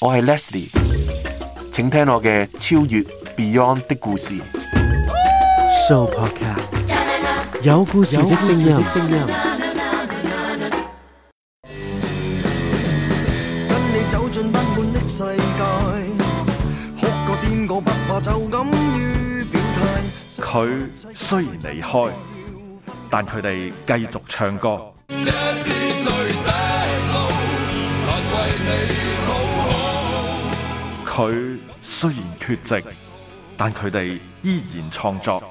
我係 Leslie，請聽我嘅超越 Beyond 的故事。Show podcast 有故事嘅聲音。跟你走進不滿的世界，哭過癲過不怕就敢於表態。佢雖然離開，但佢哋繼續唱歌。佢雖然缺席，但佢哋依然創作。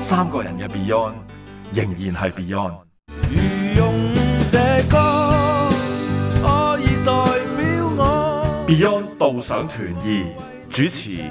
三個人嘅 Beyond 仍然係 be、啊、Beyond。Beyond 到省團二主持。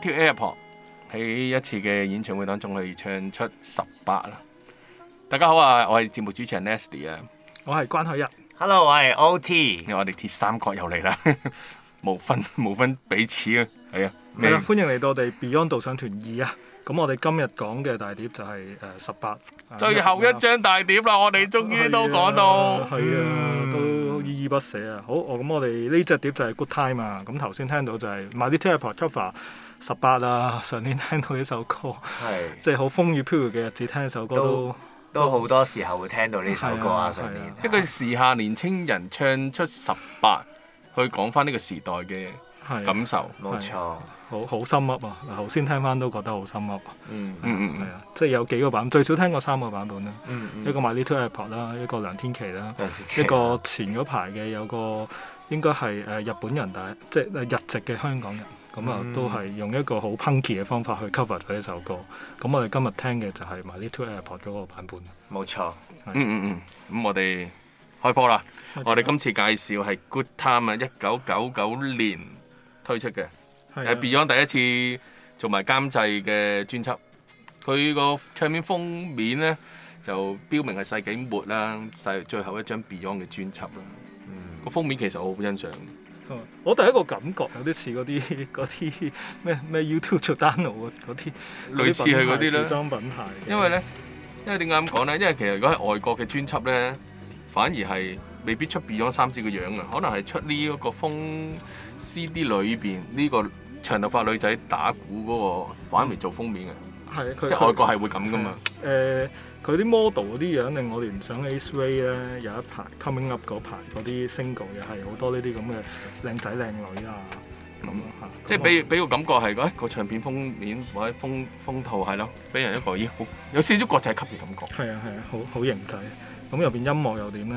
《My Little Airport》喺一次嘅演唱會當中，係唱出十八啦！大家好啊，我係節目主持人 Nasty 啊，我係關海一，Hello，我係 OT，我哋鐵三角又嚟啦， 無分無分彼此啊，係啊，嗯、歡迎嚟到我哋 Beyond 導賞團二啊！咁我哋今日講嘅大碟就係誒十八，最後一張大碟啦，我哋終於都講到，係 啊，啊啊嗯、都依依不捨啊！好，我咁我哋呢隻碟就係《Good Time》啊，咁頭先聽到就係《My Little Airport》cover 十八啊！上年聽到呢首歌，即係好風雨飄搖嘅日子，聽呢首歌都都好多時候會聽到呢首歌啊！上年一個時下年青人唱出十八，去講翻呢個時代嘅感受，冇錯，好好深刻啊！頭先聽翻都覺得好深刻。嗯嗯嗯，係啊，即係有幾個版本，最少聽過三個版本啦。嗯嗯，一個 My Little Airport 啦，一個梁天琦啦，一個前嗰排嘅有個應該係誒日本人，但係即係日籍嘅香港人。咁啊，嗯、都係用一個好 punky 嘅方法去 cover 佢呢首歌。咁我哋今日聽嘅就係 My Little Airport 嗰個版本。冇錯。嗯是嗯嗯。咁、嗯嗯、我哋開波啦。我哋今次介紹係 Good Time 啊，一九九九年推出嘅，係的、uh, Beyond 第一次做埋監製嘅專輯。佢個唱片封面咧就標明係世紀末啦，世最後一張 Beyond 嘅專輯啦。個、嗯、封面其實我好欣賞。我第一個感覺有啲似嗰啲嗰啲咩咩 YouTube 做 download 嗰，嗰啲，類似係嗰啲咧。裝品牌。因為咧，因為點解咁講咧？因為其實如果係外國嘅專輯咧，反而係未必出 Beyond 三子嘅樣啊，可能係出呢一個封 CD 裏邊呢個長頭髮女仔打鼓嗰個反而做封面嘅。嗯係，佢佢即係外國係會咁㗎嘛，誒佢啲 model 嗰啲樣令、呃、我哋唔想。A Ray 咧有一排、嗯、coming up 嗰排嗰啲 single 又係好多呢啲咁嘅靚仔靚女啊！咁嚇、嗯，嗯、即係俾俾個感覺係，喂個唱片封面或者封封套係咯，俾人一個咦好有少少國際級嘅感覺。係啊係啊，好好型仔。咁入邊音樂又點咧？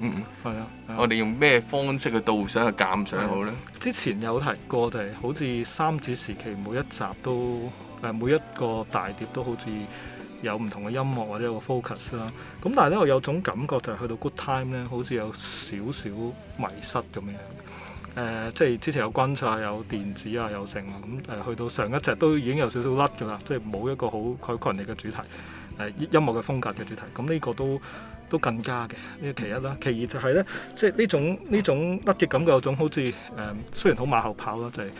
嗯嗯，係啦。啊、我哋用咩方式去導賞去鑑賞好咧？之前有提過就係、是、好似三子時期每一集都，誒每一個大碟都好似有唔同嘅音樂或者有個 focus 啦，咁但係咧我有種感覺就係去到 Good Time 咧，好似有少少迷失咁樣，誒、呃、即係之前有軍樂、有電子啊、有剩啊，咁、嗯、誒去到上一隻都已經有少少甩㗎啦，即係冇一個好概括人哋嘅主題，誒、呃、音樂嘅風格嘅主題，咁、嗯、呢、這個都都更加嘅呢個其一啦，其二就係咧，即係呢種呢種甩嘅感覺，有種好似誒、呃、雖然好馬後炮啦，就係、是。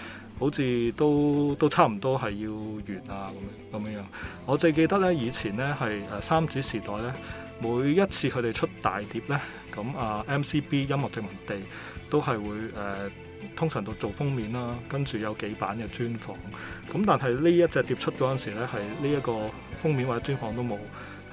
好似都都差唔多係要完啊咁樣咁樣樣。我最記得咧，以前咧係誒三子時代咧，每一次佢哋出大碟呢，咁啊 MCB 音樂殖民地都係會誒、呃，通常都做封面啦，跟住有幾版嘅專訪。咁但係呢一隻碟出嗰陣時咧，係呢一個封面或者專訪都冇。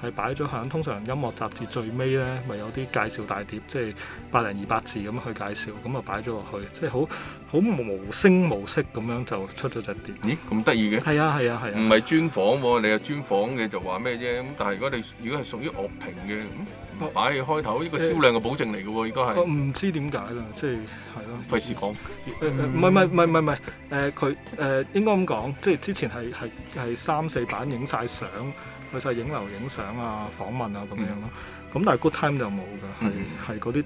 係擺咗喺通常音樂雜誌最尾咧，咪有啲介紹大碟，即係百零二百字咁去介紹，咁啊擺咗落去，即係好好無聲無息咁樣就出咗隻碟。咦？咁得意嘅？係啊係啊係啊！唔係、啊啊啊、專訪喎、哦，你係專訪嘅就話咩啫？咁但係如果你如果係屬於樂評嘅，擺、嗯啊、開頭一個銷量嘅、欸、保證嚟嘅喎，應該係。我唔知點解啦，即係係咯。費事講。唔係唔係唔係唔係唔係，誒佢誒應該咁講，即係之前係係係三,三,三,三,三四版影晒相。 去晒影樓影相啊、訪問啊咁樣咯，咁、嗯、但係 good time 就冇㗎，係係嗰啲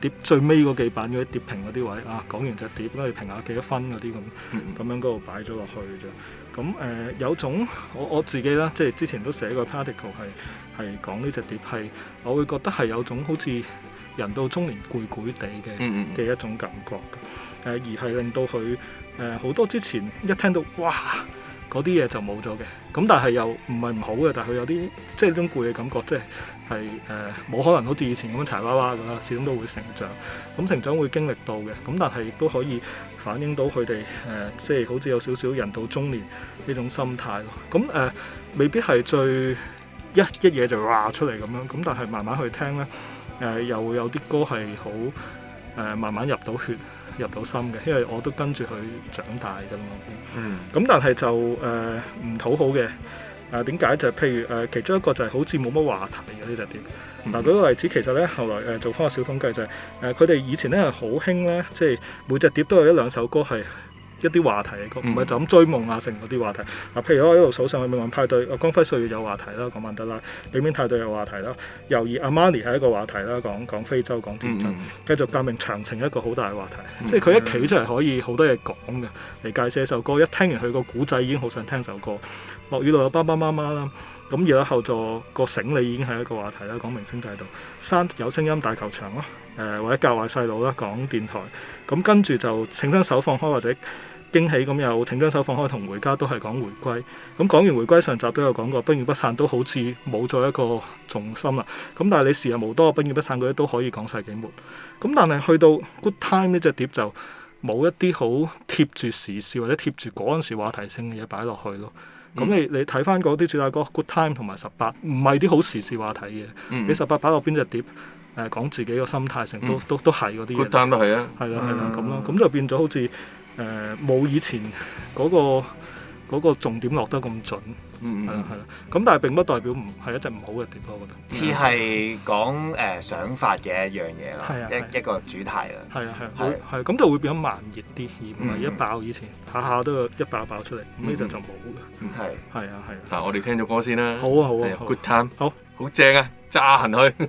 碟最尾嗰幾版嗰啲碟評嗰啲位啊，講完隻碟咧，評下幾多分嗰啲咁，咁、嗯、樣嗰度擺咗落去啫。咁誒、呃、有種我我自己啦，即係之前都寫過 particle 係係講呢隻碟係，我會覺得係有種好似人到中年攰攰地嘅嘅一種感覺，誒、呃、而係令到佢誒好多之前一聽到哇～嗰啲嘢就冇咗嘅，咁但係又唔係唔好嘅，但係佢有啲即係呢種攰嘅感覺，即係係誒冇可能好似以前咁樣柴娃娃咁啦，始終都會成長，咁成長會經歷到嘅，咁但係亦都可以反映到佢哋誒即係好似有少少人到中年呢種心態咯，咁誒、呃、未必係最一一嘢就話、呃、出嚟咁樣，咁但係慢慢去聽咧，誒、呃、又會有啲歌係好誒慢慢入到血。入到心嘅，因為我都跟住佢長大㗎嘛。咁、嗯、但係就誒唔、呃、討好嘅。誒點解就係、是、譬如誒、呃、其中一個就係、是、好似冇乜話題嘅呢隻碟。嗱舉、嗯、個例子其實咧後來誒、呃、做翻個小統計就係誒佢哋以前咧係好興咧，即係、就是、每隻碟都有一兩首歌係。一啲話題嘅歌，唔係、嗯、就咁追夢啊成嗰啲話題。嗱、啊，譬如我一路數上去，《命運派對》、《光輝歲月》有話題啦，講曼德拉，《俾面派對》有話題啦，又如《Amani》係一個話題啦，講講非洲講戰爭。嗯、繼續革命長情一個好大嘅話題，嗯、即係佢一企出嚟可以好多嘢講嘅。嚟介紹一首歌，一聽完佢個古仔已經好想聽首歌，《落雨路》有爸爸媽媽啦。咁而家後座個整你已經係一個話題啦，講明星制度，聲有聲音大球場咯，誒、呃、或者教壞細路啦，講電台。咁跟住就請將手放開或者驚喜咁又請將手放開同回家都係講回歸。咁、嗯、講完回歸上集都有講過，不滅不散都好似冇咗一個重心啦。咁、嗯、但係你時日無多，不滅不散嗰啲都可以講曬世紀末咁，但係去到 Good Time 呢隻碟就冇一啲好貼住時事或者貼住嗰陣時話題性嘅嘢擺落去咯。咁、嗯、你你睇返嗰啲主打歌《Good Time 同埋十八，唔係啲好時事話題嘅。嗯、你十八擺落邊隻碟？誒、呃、講自己個心態，、呃、心態成都都都係嗰啲嘅。Good Time 都係啊，係啦係啦咁咯，咁、啊啊、就變咗好似誒冇以前嗰、嗰個。嗰個重點落得咁準，係啦，咁但係並不代表唔係一隻唔好嘅地方，我覺得似係講誒想法嘅一樣嘢啦，一一個主題啦，係啊係，係咁就會變咗慢熱啲，而唔係一爆以前下下都有一爆爆出嚟，咁呢陣就冇嘅，係係啊係。但係，我哋聽咗歌先啦，好啊好啊，good time，好，好正啊，揸行去。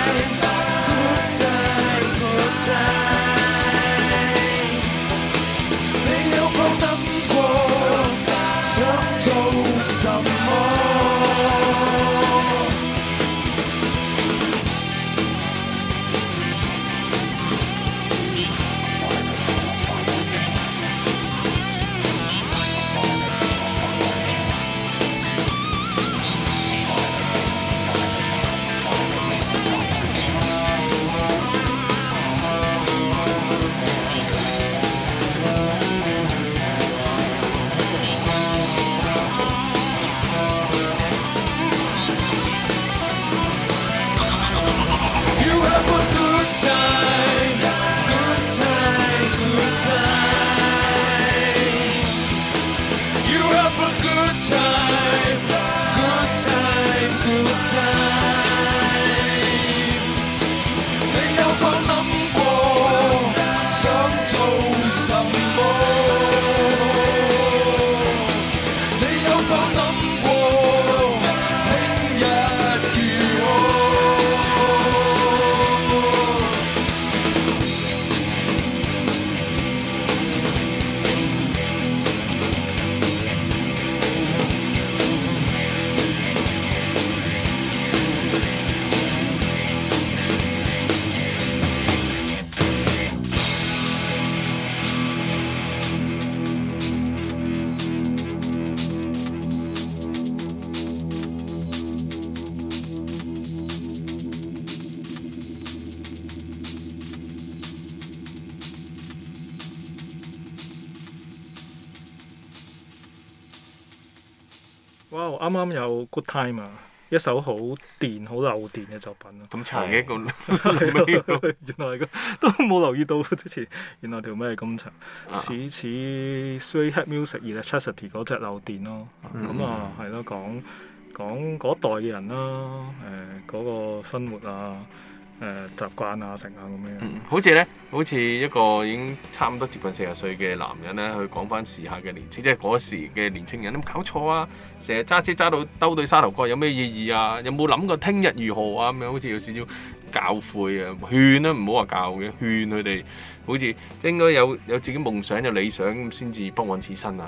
哇！啱啱、wow, 有 Good Time、er, 啊，一首好電好漏電嘅作品啊！咁長嘅個 原來都冇留意到之前，原來條咩咁長？啊、似似 t h r a i g h t music electricity 嗰隻漏電咯。咁、嗯、啊，係咯、嗯，講講嗰代嘅人啦、啊，誒、呃、嗰、嗰個生活啊。誒，習慣啊，成啊咁樣，好似咧，好似一個已經差唔多接近四十歲嘅男人咧，去講翻時下嘅年青，即係嗰時嘅年青人，有冇搞錯啊？成日揸車揸到兜對沙頭角，有咩意義啊？有冇諗過聽日如何啊？咁樣好似有少少教誨啊，勸啦、啊，唔好話教嘅，勸佢哋，好似應該有有自己夢想、有理想咁，先至不枉此生啊。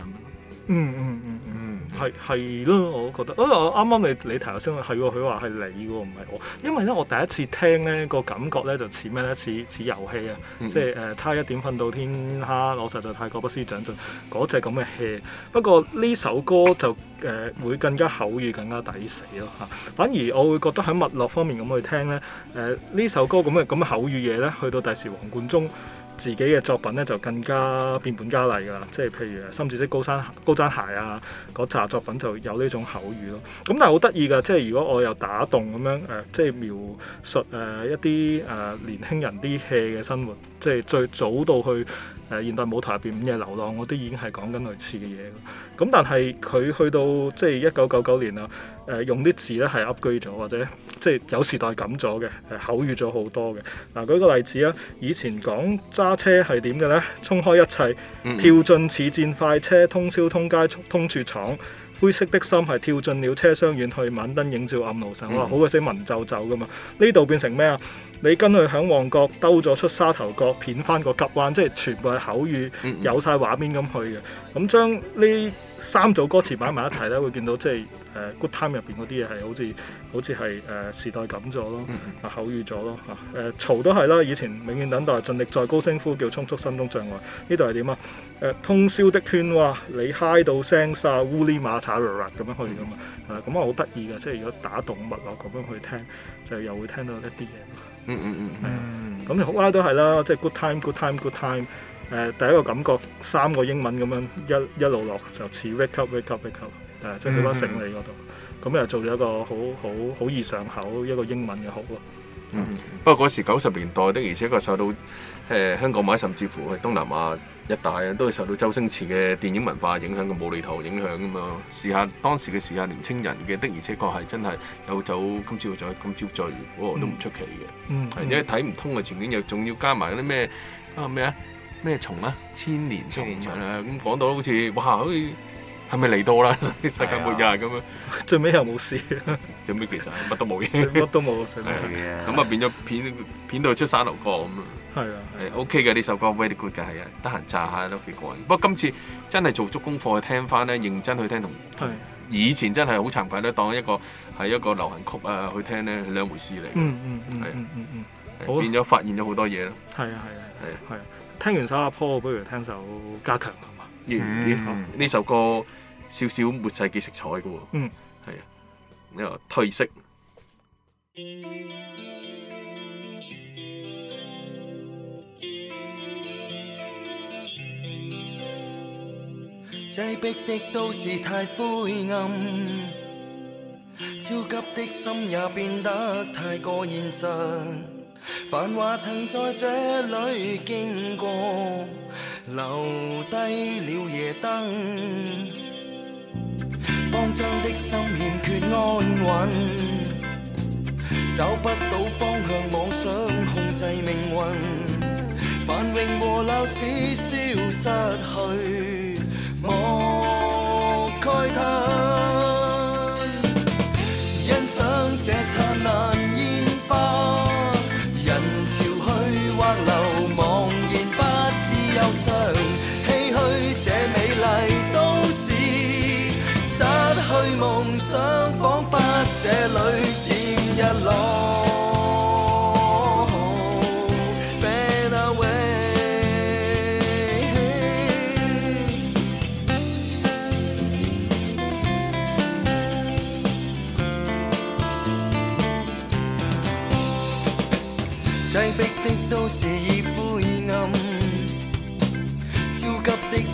嗯嗯嗯嗯。嗯嗯嗯係係咯，我都覺得。哦，我啱啱你你頭先，係佢話係你喎，唔係我。因為咧，我第一次聽咧個感覺咧就似咩咧？似似遊戲啊，嗯、即係誒、呃、差一點瞓到天黑，我實在太過不思長進嗰隻咁嘅戲。不過呢首歌就誒、呃、會更加口語，更加抵死咯、啊、嚇。反而我會覺得喺脈絡方面咁去聽咧，誒、呃、呢首歌咁嘅咁嘅口語嘢咧，去到第時黃貫中。自己嘅作品咧就更加變本加厲㗎喇，即係譬如《深紫色高踭鞋，高踭鞋》啊，嗰紮作品就有呢種口語咯。咁但係好得意㗎，即係如果我又打動咁樣誒、呃，即係描述誒、呃、一啲誒、呃、年輕人啲 hea 嘅生活。即係最早到去誒、呃、現代舞台入邊《午夜流浪》，我啲已經係講緊類似嘅嘢。咁但係佢去到即係一九九九年啦，誒、呃、用啲字咧係 upgrade 咗，或者即係有時代感咗嘅、呃，口語咗好多嘅。嗱、啊、舉個例子啦，以前講揸車係點嘅呢？衝開一切，嗯嗯跳進此戰快車，通宵通街通處闖，灰色的心係跳進了車廂，遠去晚燈映照暗路上。哇，好鬼死文縐縐噶嘛。呢度變成咩啊？你跟佢喺旺角兜咗出沙頭角，片翻個急彎，即係全部係口語，嗯嗯有晒畫面咁去嘅。咁將呢三組歌詞擺埋一齊咧，會見到即係誒、呃、Good Time 入邊嗰啲嘢係好似好似係誒時代感咗咯，口語咗咯嚇。嘈、啊、都係啦，以前永遠等待，盡力再高聲呼叫衝，衝出心中障礙。呢度係點啊？誒、呃、通宵的喧譁，你嗨到聲沙，烏哩馬嚓 r a 咁樣去㗎嘛。誒咁我好得意㗎，即係如果打動物樂咁樣去聽，就又會聽到一啲嘢。嗯嗯嗯，啊、嗯，咁好啦都係啦，即、就、係、是、good time good time good time，誒、呃、第一個感覺三個英文咁樣一一,一路落就似 wake up wake up wake up，誒即係去翻醒你嗰度，咁、呃就是嗯、又做咗一個好好好，好易上口一個英文嘅好咯。嗯，嗯不過嗰時九十年代的，而且確受到誒、呃、香港買，甚至乎係東南亞。一大人都係受到周星馳嘅電影文化影響嘅，無厘頭影響㗎嘛，試下當時嘅時下年青人嘅的而且確係真係有酒今朝醉，今朝醉喎都唔出奇嘅、嗯。嗯，係、嗯、因為睇唔通嘅前景又仲要加埋啲咩啊咩蟲啊千年蟲咁、啊嗯、講到好似哇好似～係咪嚟到啦？世界末日咁樣，最尾又冇事。最尾其實乜都冇嘢，乜都冇。咁啊，變咗片片到出沙漏歌咁啊。係啊，係 OK 嘅呢首歌，very good 嘅係啊，得閒炸下都幾過癮。不過今次真係做足功課去聽翻咧，認真去聽同以前真係好慚愧咧，當一個係一個流行曲啊去聽咧，係兩回事嚟。嗯嗯嗯，嗯嗯，變咗發現咗好多嘢咯。係啊係啊係啊係啊！聽完首阿 Po 不如聽首加強呢首歌。少少抹晒啲色彩嘅喎，嗯，係啊，呢個褪色。擠迫的都市太灰暗，焦急的心也變得太過現實。繁華曾喺這裏經過，留低了夜燈。將的心欠缺安穩，找不到方向，妄想控制命運，繁榮和鬧市消失去，莫慨嘆，欣賞這燦爛。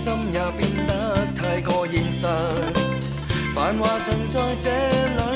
心也變得太過現實，繁華曾在這裏。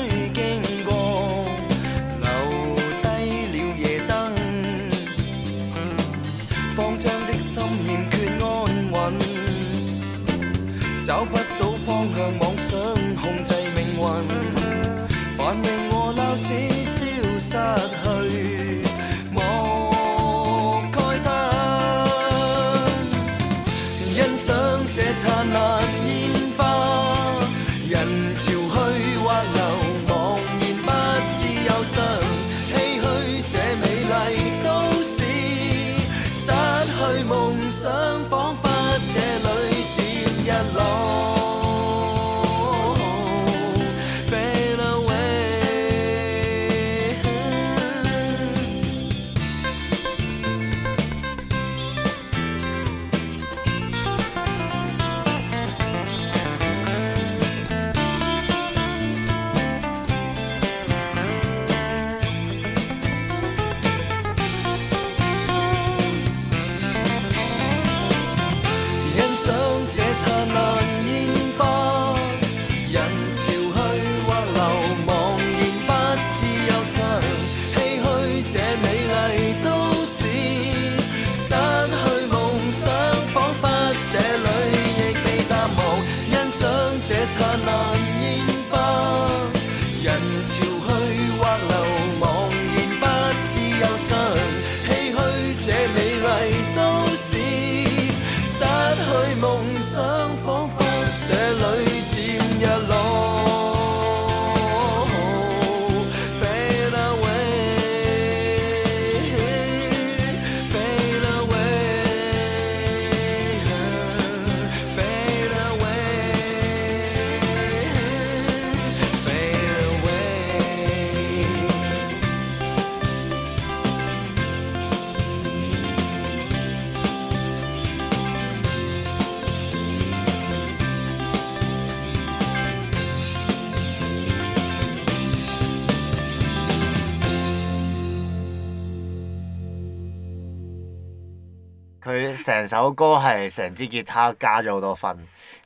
成首歌係成支吉他加咗好多分，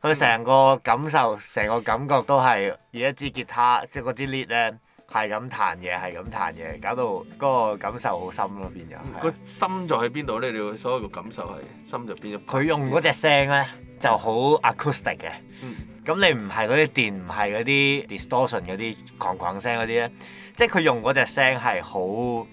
佢成個感受、成個感覺都係以一支吉他，即係嗰支 lead 咧，係咁彈嘢，係咁彈嘢，搞到嗰個感受好深咯，變咗。個深就喺邊度咧？你所有嘅感受係深在邊？佢用嗰隻聲咧就好 acoustic 嘅，咁你唔係嗰啲電，唔係嗰啲 distortion 嗰啲咣咣聲嗰啲咧，即係佢用嗰隻聲係好。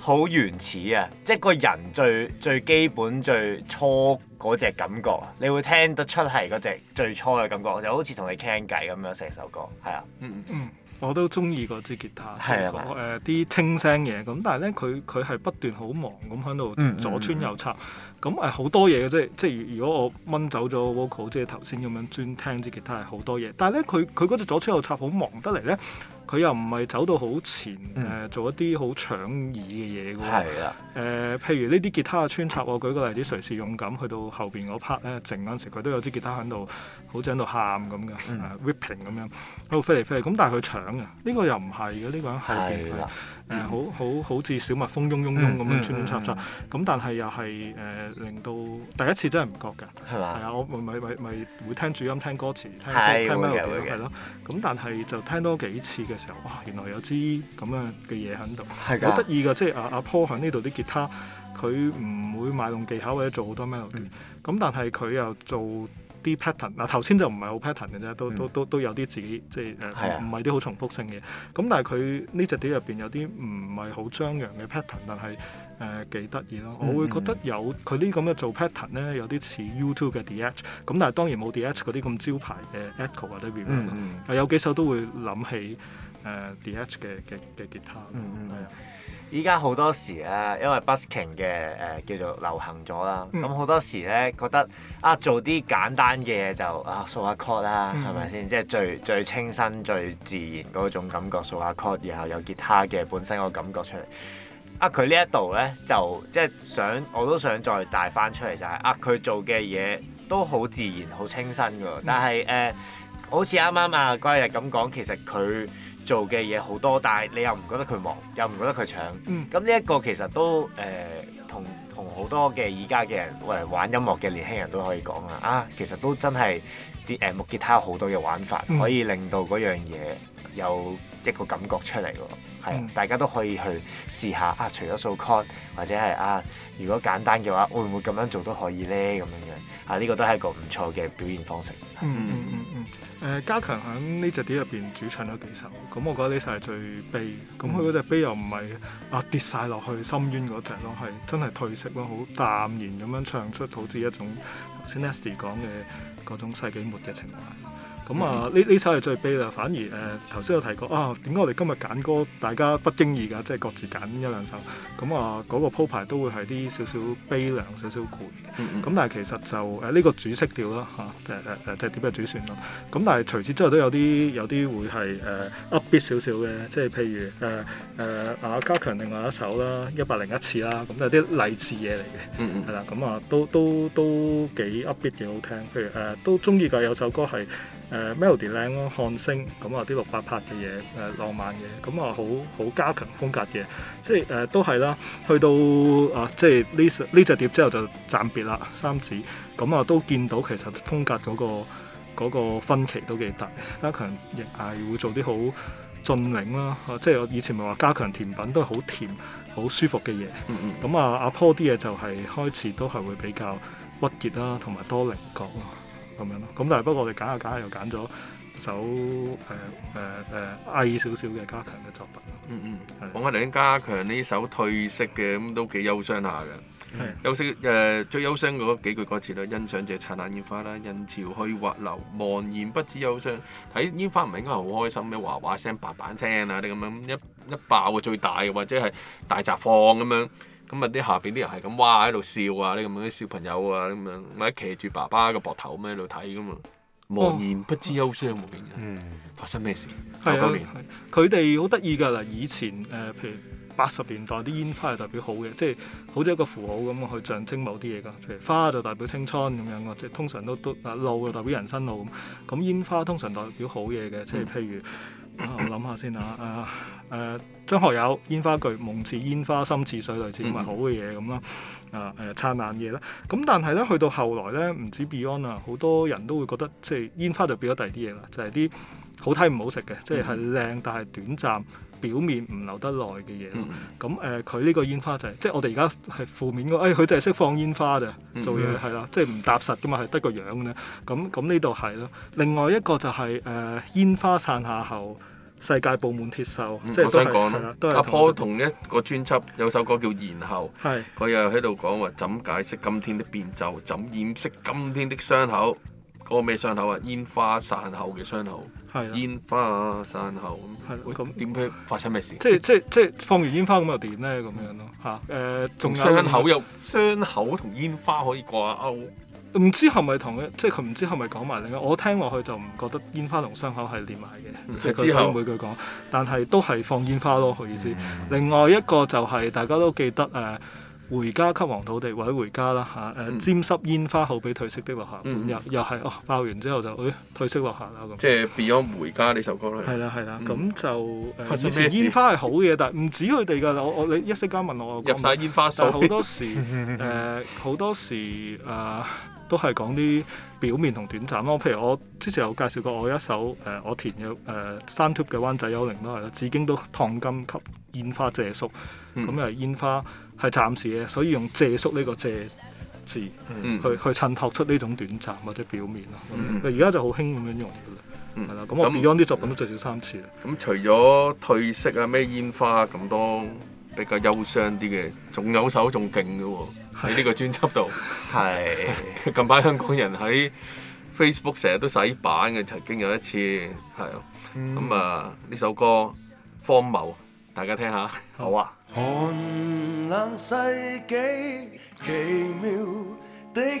好原始啊！即係個人最最基本最初嗰隻感覺啊，你會聽得出係嗰隻最初嘅感覺，就好似同你傾偈咁樣成首歌，係啊。嗯嗯，我都中意嗰支吉他，係啊啲、啊呃、清聲嘢。咁但係咧，佢佢係不斷好忙咁喺度左穿右插，咁誒好多嘢嘅即係即係。如果我掹走咗 vocal，即係頭先咁樣專聽支吉他係好多嘢。但係咧，佢佢嗰隻左穿右插好忙得嚟咧。佢又唔係走到好前誒，嗯、做一啲好搶耳嘅嘢嘅喎。誒的、呃，譬如呢啲吉他嘅穿插，我舉個例子，隨時勇敢去到後邊嗰 part 咧靜嗰陣時，佢都有支吉他喺度，好似喺度喊咁嘅，ripping 咁樣喺度飛嚟飛嚟咁，但係佢搶嘅，呢、這個又唔係嘅，呢、這個係點啊？的誒、mm hmm. 好好好似小蜜蜂嗡嗡嗡咁樣穿穿插插咁，mm hmm. 但係又係誒、呃、令到第一次真係唔覺㗎，係吧啊，我咪咪咪會聽主音、聽歌詞、聽聽 melody 係咯。咁、嗯、但係就聽多幾次嘅時候，哇！原來有支咁樣嘅嘢喺度，好得意㗎。即係阿阿 Paul 喺呢度啲吉他，佢唔會賣弄技巧或者做好多 melody、嗯。咁但係佢又做。啲、啊、pattern 嗱頭先就唔係好 pattern 嘅啫，都都都都有啲自己即係誒，唔係啲好重複性嘅。咁但係佢呢隻碟入邊有啲唔係好張揚嘅 pattern，但係誒幾得意咯。我會覺得有佢呢咁嘅做 pattern 咧，有啲似 YouTube 嘅 The Edge。咁但係當然冇 The Edge 嗰啲咁招牌嘅 Echo 啊 d e v M, 嗯嗯有幾首都會諗起誒 The Edge 嘅嘅嘅吉他。嗯嗯。依家好多時咧，因為 busking 嘅誒、呃、叫做流行咗、嗯啊啊、啦，咁好多時咧覺得啊做啲簡單嘅嘢就啊數下 cord 啦，係咪先？即係最最清新、最自然嗰種感覺，數下 cord，然後有吉他嘅本身個感覺出嚟。啊，佢呢一度咧就即係想，我都想再帶翻出嚟、就係，就係啊佢做嘅嘢都好自然、好清新㗎。但係誒、呃，好似啱啱啊，關日咁講，其實佢。做嘅嘢好多，但係你又唔覺得佢忙，又唔覺得佢搶。咁呢一個其實都誒、呃，同同好多嘅而家嘅人誒玩音樂嘅年輕人都可以講啊。啊，其實都真係啲誒木吉他好多嘅玩法，嗯、可以令到嗰樣嘢有一個感覺出嚟喎。嗯、大家都可以去試下啊。除咗掃 chord，或者係啊，如果簡單嘅話，會唔會咁樣做都可以呢？咁樣樣啊，呢、這個都係一個唔錯嘅表現方式。嗯嗯。誒加強喺呢隻碟入邊主唱咗幾首，咁我覺得呢首係最悲悲，咁佢嗰隻悲又唔係啊跌晒落去深淵嗰隻咯，係真係褪色咯，好淡然咁樣唱出，好似一種頭先 Nasty 講嘅嗰種世紀末嘅情懷。咁、嗯、啊，呢呢首係最悲啦。反而誒頭先有提過啊，點解我哋今日揀歌，大家不經意㗎，即係各自揀一兩首。咁、嗯、啊，嗰、這個鋪排都會係啲少少悲涼、少少攰。咁、嗯嗯、但係其實就誒呢、這個主色調啦，嚇即係點樣主旋律。咁、啊、但係除此之外都有啲有啲會係誒、呃、upbeat 少少嘅，即係譬如誒誒啊加強另外一首啦，一百零一次啦，咁就啲勵志嘢嚟嘅。嗯係啦，咁、就、啊、是嗯嗯、都都都，都，都幾 upbeat 幾好聽。譬如誒、啊、都中意嘅有，有首歌係。Zum, 誒 melody 靚咯，看、uh，星咁啊啲六八拍嘅嘢，誒、呃、浪漫嘅，咁啊、嗯、好好加強風格嘅，即係誒、呃、都係啦。去到啊即係呢呢隻碟之後就暫別啦，三子咁啊都見到其實風格嗰、那個那個分歧都幾大。家強亦係會做啲好峻嶺啦，即係我以前咪話家強甜品都係好甜好舒服嘅嘢。咁、嗯嗯、啊阿 Paul 啲嘢就係、是、開始都係會比較鬱結啦，同埋多棱角。咁樣咯，咁但係不過我哋揀下揀下又揀咗首誒誒誒矮少少嘅加強嘅作品。嗯嗯，嗯是講緊頭先加強呢首退色嘅，咁都幾憂傷下嘅。係是，褪色、嗯呃、最憂傷嗰幾句歌詞咧，欣賞者燦爛煙花啦，人潮去滑流，茫然不知憂傷。睇煙花唔係應該好開心咩？哇哇聲、白板聲啊啲咁樣一一爆啊最大或者係大雜放咁樣。咁啊！啲下邊啲人係咁哇喺度笑啊！呢咁樣啲小朋友啊咁樣，咪騎住爸爸個膊頭咩喺度睇咁啊？茫然不知憂傷，無邊。嗯，發生咩事？佢哋好得意㗎啦！以前誒、呃，譬如八十年代啲煙花係代表好嘅，即係好似一個符號咁去象徵某啲嘢㗎。譬如花就代表青春咁樣㗎，即係通常都都路就代表人生路咁。咁煙花通常代表好嘢嘅，即係譬如。嗯 啊、我諗下先啊，誒、呃、誒張學友煙花句，夢似煙花心似水，類似唔係、嗯、好嘅嘢咁啦，誒誒、啊呃、燦爛嘢啦。咁但係咧去到後來咧，唔止 Beyond 啊，好多人都會覺得即係煙花就變咗第二啲嘢啦，就係、是、啲好睇唔好食嘅，即係係靚但係短暫、表面唔留得耐嘅嘢咯。咁誒佢呢個煙花就係、是、即係我哋而家係負面個，誒、哎、佢就係識放煙花嘅，做嘢係啦，即係唔踏實噶嘛，係得個樣嘅咧。咁咁呢度係咯。另外一個就係、是、誒煙花散下後。世界布滿鐵鏽，嗯、即都我想都係是。阿坡同，、啊、同一個專輯有首歌叫《然後》，佢的又喺度講話怎解釋今天的變奏，怎掩飾今天的傷口？嗰、那個咩傷口啊？煙花散口嘅傷口，的煙花散後。喂的，咁點解發生咩事？即係即係即係放完煙花咁又點咧？咁樣咯嚇。誒、啊，仲傷口有傷口同煙花可以掛鈎。有唔知係咪同一，即係佢唔知係咪講埋另一個。我聽落去就唔覺得煙花同傷口係連埋嘅，即係佢哋每句講，但係都係放煙花咯，佢意思。另外一個就係大家都記得誒，回家吸黃土地，或者回家啦嚇。誒，沾濕煙花後，俾褪色的落下，又又係哦，爆完之後就褪色落下啦咁。即係 Beyond 回家呢首歌咧，係啦係啦，咁就以前煙花係好嘅，但係唔止佢哋噶。我我你一息間問我入曬煙花好多時誒，好多時啊。都係講啲表面同短暫咯。譬如我之前有介紹過我一首誒、呃、我填嘅誒、呃、山 typ 嘅灣仔幽靈咯，係啦，紫荊都燙金給煙花借宿。咁、嗯、又煙花係暫時嘅，所以用借宿呢個借字、嗯嗯、去去襯托出呢種短暫或者表面咯。而家、嗯嗯、就好興咁樣用㗎啦。係啦、嗯，咁我 Beyond 啲那作品都最少三次。咁的除咗褪色啊，咩煙花咁多？比較憂傷啲嘅，仲有首仲勁嘅喎，喺呢 個專輯度。係 是 近排香港人喺 Facebook 成日都洗版嘅，曾經有一次係、嗯嗯嗯、啊。咁啊呢首歌荒謬，大家聽下。好啊。寒冷世紀，奇妙的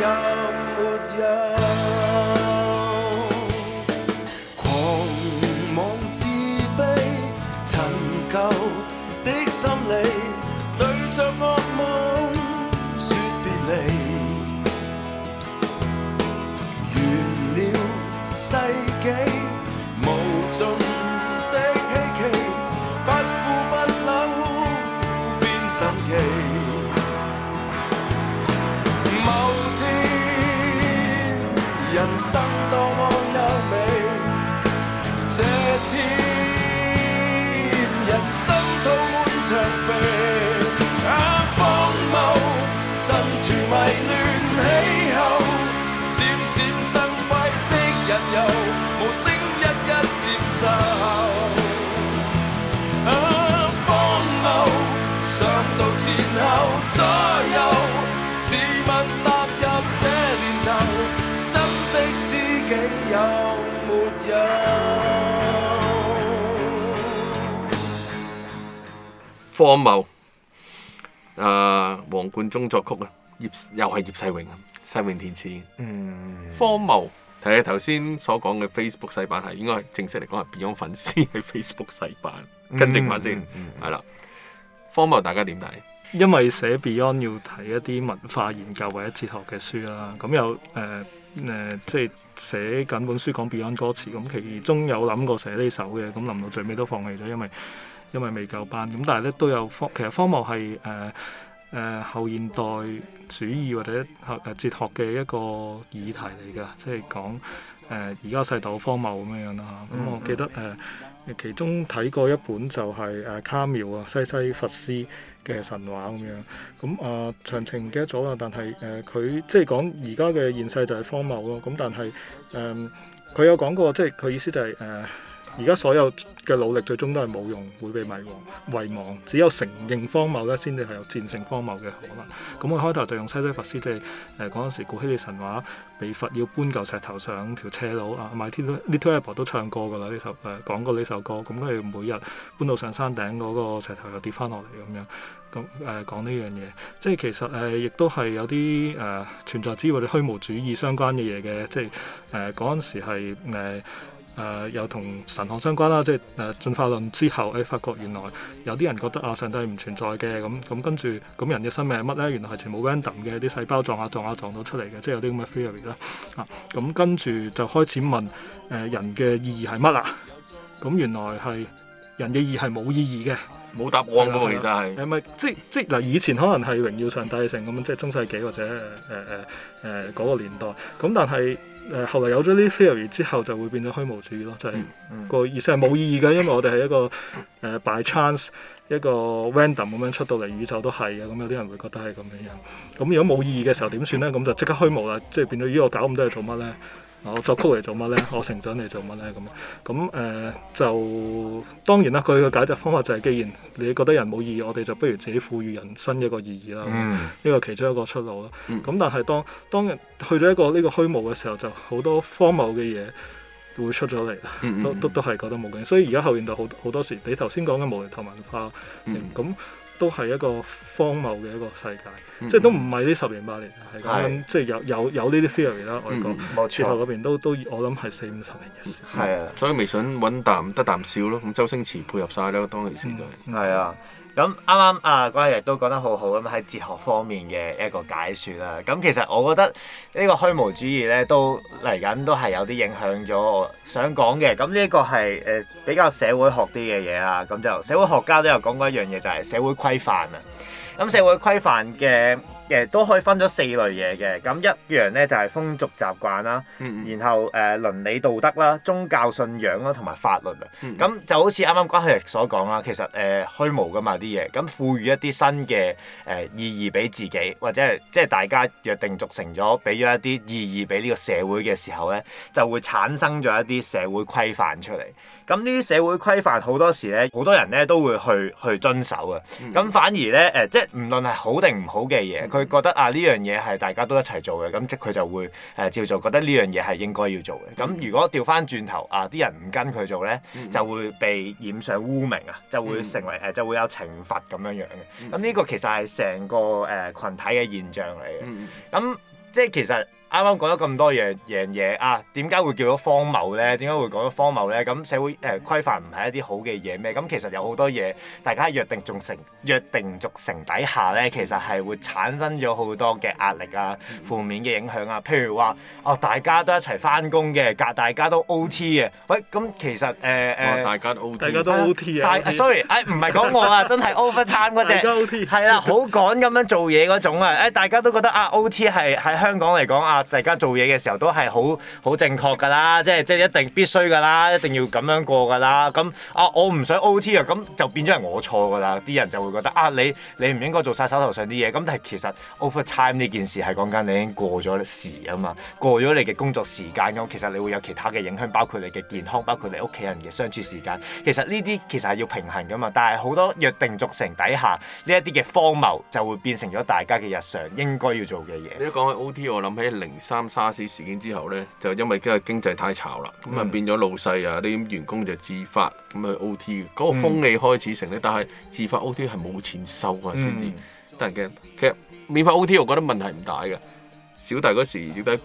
有沒有狂妄自卑，陳舊的心理。闖飛啊！荒謬，身處迷亂，氣候，閃閃生輝的引誘。荒謬，誒，黃、呃、貫中作曲啊，葉又係葉世榮啊，世榮填詞、嗯嗯。嗯，方、嗯、茂，睇下頭先所講嘅 Facebook 洗版係應該係正式嚟講係 Beyond 粉絲喺 Facebook 洗版，更正返先係啦。荒謬大家點睇？因為寫 Beyond 要睇一啲文化研究或者哲學嘅書啦，咁有誒誒、呃呃，即係寫緊本書講 Beyond 歌詞，咁其中有諗過寫呢首嘅，咁諗到最尾都放棄咗，因為。因為未夠班，咁但係咧都有方，其實荒謬係誒誒後現代主義或者學哲學嘅一個議題嚟㗎，即係講誒而家世道荒謬咁樣啦。咁我記得誒、呃、其中睇過一本就係、是、誒、啊、卡繆啊《西西弗斯》嘅神話咁樣，咁啊詳情唔記得咗啦。但係誒佢即係講而家嘅現世就係荒謬咯。咁但係誒佢有講過，即係佢意思就係、是、誒。呃而家所有嘅努力最終都係冇用，會被迷惘遺忘。只有承認荒謬咧，先至係有戰勝荒謬嘅可能。咁、嗯、我開頭就用西西弗斯，即係誒嗰陣時古希臘神話，被罰要搬嚿石頭上條斜路啊。My Little Apple 都唱過噶啦呢首誒、呃，講過呢首歌。咁、嗯、佢每日搬到上山頂嗰、那個石頭又跌翻落嚟咁樣，咁、呃、誒講呢樣嘢，即係其實誒亦、呃、都係有啲誒、呃、存在主義或者虛無主義相關嘅嘢嘅，即係誒嗰陣時係誒。呃呃誒、呃、又同神學相關啦，即係誒進化論之後，誒、哎、發覺原來有啲人覺得啊上帝唔存在嘅，咁咁跟住咁人嘅生命係乜咧？原來係全部 random 嘅啲細胞撞下、啊、撞下、啊、撞到出嚟嘅，即係有啲咁嘅 theory 啦、啊。咁跟住就開始問誒、呃、人嘅意義係乜啊？咁原來係人嘅意義係冇意義嘅，冇答案㗎，其實係咪？即即嗱，即以前可能係榮耀上帝成咁，即係中世紀或者誒誒誒嗰個年代，咁但係。誒、呃、後嚟有咗呢啲 theory 之後就會變咗虛無主義咯，就係、是、個意思係冇意義嘅，因為我哋係一個誒、呃、by chance 一個 random 咁樣出到嚟宇宙都係嘅，咁、嗯、有啲人會覺得係咁樣，咁、嗯、如果冇意義嘅時候點算呢？咁就即刻虛無啦，即係變咗。呢個搞咁多嘢做乜呢？我作曲嚟做乜呢？我成長嚟做乜呢？咁咁誒就當然啦。佢嘅解答方法就係，既然你覺得人冇意義，我哋就不如自己賦予人生一個意義啦。呢、嗯、個其中一個出路啦。咁、嗯、但係當當去咗一個呢、呢個虛無嘅時候，就好多荒謬嘅嘢會出咗嚟。都都都係覺得冇咁。所以而家後現代好多好多時，你頭先講嘅無厘頭文化咁。嗯嗯都係一個荒謬嘅一個世界，嗯、即係都唔係呢十年八年係咁樣，剛剛是即係有有有呢啲 theory 啦。我講，最後嗰邊都都我諗係四五十年嘅事。係、嗯、啊，所以未想揾啖得啖笑咯。咁周星馳配合曬咧，當年時代係、嗯、啊。咁啱啱啊，嗰日都講得好好咁喺哲學方面嘅一個解說啦。咁其實我覺得呢個虛無主義呢，都嚟緊都係有啲影響咗我想講嘅。咁呢一個係誒、呃、比較社會學啲嘅嘢啦。咁就社會學家都有講過一樣嘢，就係、是、社會規範啊。咁社會規範嘅。其實都可以分咗四類嘢嘅，咁一樣咧就係、是、風俗習慣啦，嗯嗯，然後誒倫、呃、理道德啦、宗教信仰啦同埋法律啊。咁、嗯、就好似啱啱關學奕所講啦，其實誒虛、呃、無噶嘛啲嘢，咁賦予一啲新嘅誒、呃、意義俾自己，或者係即係大家約定俗成咗，俾咗一啲意義俾呢個社會嘅時候咧，就會產生咗一啲社會規範出嚟。咁呢啲社會規範好多時咧，好多人咧都會去去遵守嘅。咁反而咧，誒、呃、即係唔論係好定唔好嘅嘢，佢覺得啊呢樣嘢係大家都一齊做嘅，咁即佢就會誒、呃、照做，覺得呢樣嘢係應該要做嘅。咁如果調翻轉頭啊，啲人唔跟佢做咧，嗯、就會被染上污名啊，就會成為誒、嗯、就會有懲罰咁樣樣嘅。咁呢個其實係成個誒羣、呃、體嘅現象嚟嘅。咁即係其實。啱啱講咗咁多樣樣嘢啊，點解會叫咗荒謬咧？點解會講咗荒謬咧？咁、啊、社會誒、呃、規範唔係一啲好嘅嘢咩？咁、啊、其實有好多嘢，大家約定仲成約定俗成底下咧，其實係會產生咗好多嘅壓力啊、負面嘅影響啊。譬如話，哦，大家都一齊翻工嘅，隔大家都 O T 嘅。喂，咁其實誒誒，大家都 O T 啊，sorry，誒唔係講我啊，真係 over time 嗰隻，係啦，好趕咁樣做嘢嗰種啊，誒大家都覺得啊 O T 係喺香港嚟講啊。大家做嘢嘅時候都係好好正確㗎啦，即係即係一定必須㗎啦，一定要咁樣過㗎啦。咁啊，我唔想 O.T. 啊，咁就變咗係我錯㗎啦。啲人就會覺得啊，你你唔應該做晒手頭上啲嘢。咁但係其實 over time 呢件事係講緊你已經過咗時啊嘛，過咗你嘅工作時間咁，其實你會有其他嘅影響，包括你嘅健康，包括你屋企人嘅相處時間。其實呢啲其實係要平衡㗎嘛。但係好多約定俗成底下呢一啲嘅荒謬就會變成咗大家嘅日常應該要做嘅嘢。你一講起 O.T.，我諗起三沙士事件之後咧，就因為而家經濟太差啦，咁、嗯、啊變咗老細啊啲員工就自發咁去 O T。嗰、那個風氣開始成咧，嗯、但係自發 O T 係冇錢收啊，先至、嗯、得人驚。其實免費 O T，我覺得問題唔大嘅。小弟嗰時亦都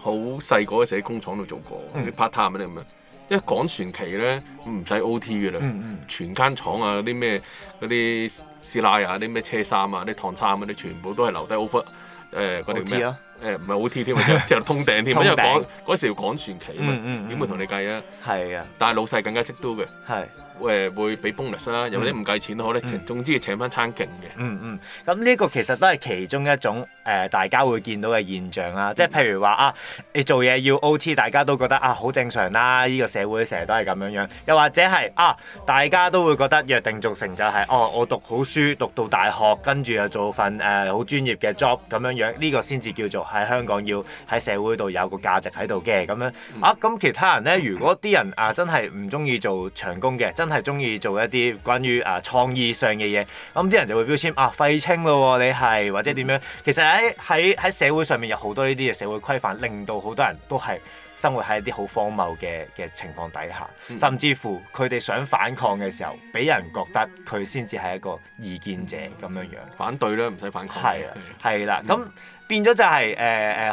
好細個，喺工廠度做過啲 part time 嗰啲咁樣。嗯、一趕船期咧，唔使 O T 嘅啦，嗯嗯、全間廠啊嗰啲咩嗰啲師奶啊啲咩車衫啊啲熨衫嗰啲，糖全部都係留低 offer 嗰、呃、啲咩。誒唔係好貼添，即係通頂添， 定因為嗰嗰時要趕船期啊嘛，點、嗯嗯嗯嗯、會同你計啊？係啊的，但係老細更加識賭嘅。係。誒會俾 bonus 啦，又或者唔計錢都好咧，嗯、總之要請翻餐勁嘅、嗯。嗯嗯，咁呢一個其實都係其中一種誒、呃，大家會見到嘅現象啦。即係譬如話啊，你做嘢要 OT，大家都覺得啊好正常啦。呢、呢個社會成日都係咁樣樣。又或者係啊，大家都會覺得約定俗成就係、是、哦、啊，我讀好書，讀到大學，跟住又做份誒好、啊、專業嘅 job 咁樣樣，呢、呢個先至叫做喺香港要喺社會度有個價值喺度嘅咁樣啊。咁其他人咧，如果啲人啊真係唔中意做長工嘅，真係中意做一啲關於啊創意上嘅嘢，咁啲人就會標籤啊廢青咯，你係或者點樣？其實喺喺喺社會上面有好多呢啲嘅社會規範，令到好多人都係生活喺一啲好荒謬嘅嘅情況底下，甚至乎佢哋想反抗嘅時候，俾人覺得佢先至係一個異見者咁樣樣，反對啦，唔使反抗，係係啦，咁。變咗就係誒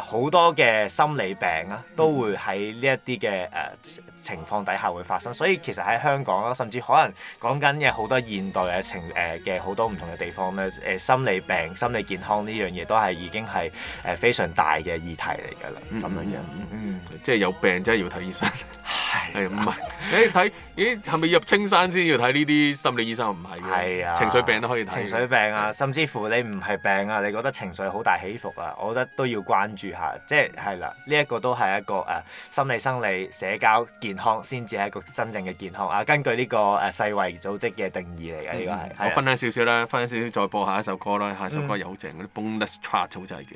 誒好多嘅心理病啊，都會喺呢一啲嘅誒情況底下會發生。所以其實喺香港啦、啊，甚至可能講緊嘅好多現代嘅情誒嘅好多唔同嘅地方咧，誒、呃、心理病、心理健康呢樣嘢都係已經係誒非常大嘅議題嚟㗎啦。咁樣樣、嗯，嗯，即係有病真係要睇醫生。嗯 係唔係？你睇 咦，係咪入青山先要睇呢啲心理醫生？唔係嘅，啊、情緒病都可以睇。情緒病啊，甚至乎你唔係病啊，你覺得情緒好大起伏啊，我覺得都要關注下。即係係啦，呢、啊這個、一個都係一個誒心理、生理、社交健康先至係一個真正嘅健康啊。根據呢、這個誒、啊、世衛組織嘅定義嚟嘅，呢個係。啊、我分享少少啦，分享少少再播下一首歌啦。下一首歌又好正，嗰啲 bonus track 好真係嘅，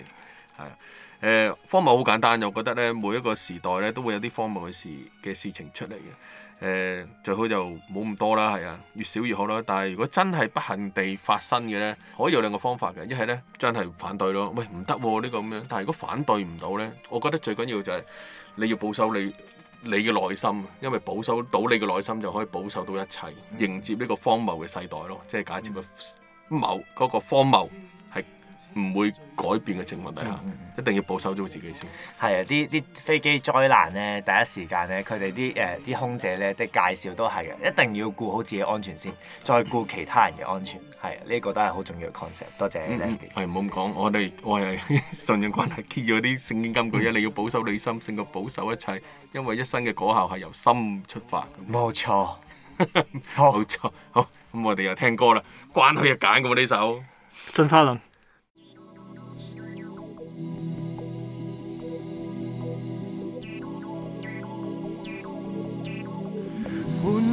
係、bon。誒、呃、荒謬好簡單，我覺得咧每一個時代咧都會有啲荒謬嘅事嘅事情出嚟嘅。誒、呃、最好就冇咁多啦，係啊，越少越好啦。但係如果真係不幸地發生嘅咧，可以有兩個方法嘅，一係咧真係反對咯，喂，唔得喎呢個咁樣。但係如果反對唔到咧，我覺得最緊要就係你要保守你你嘅內心，因為保守到你嘅內心就可以保守到一切，迎接呢個荒謬嘅世代咯，即係假決佢、嗰個，某嗰、嗰個荒謬。唔會改變嘅情況底下，一定要保守咗自己先。係啊，啲啲飛機災難咧，第一時間咧，佢哋啲誒啲空姐咧的介紹都係嘅，一定要顧好自己安全先，再顧其他人嘅安全。係啊，呢個都係好重要嘅 concept。多謝 Leslie。係唔好咁講，我哋我係信仰關係，揭咗啲聖經金句一，你要保守你心，勝過保守一切，因為一生嘅果效係由心出發。冇錯，冇錯，好咁我哋又聽歌啦，關佢又揀㗎喎呢首《進花輪》。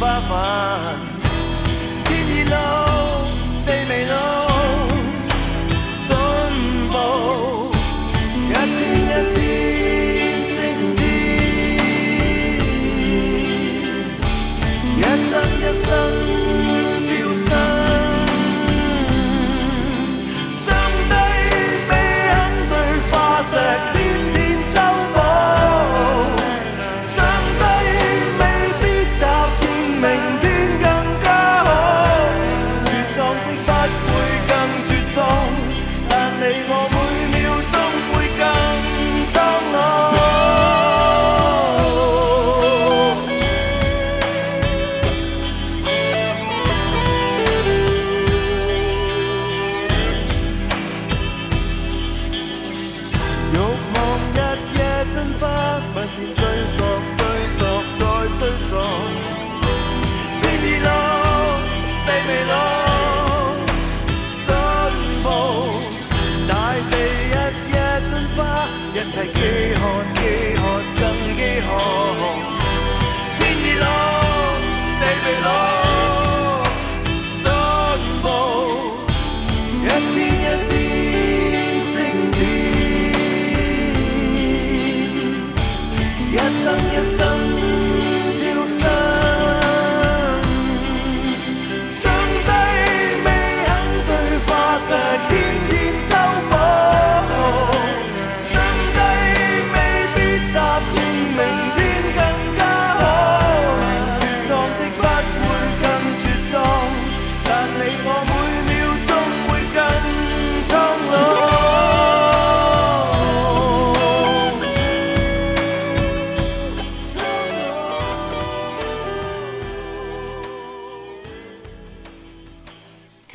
花粉，天已老，地未老，進步一天一天升天，一生一生超生。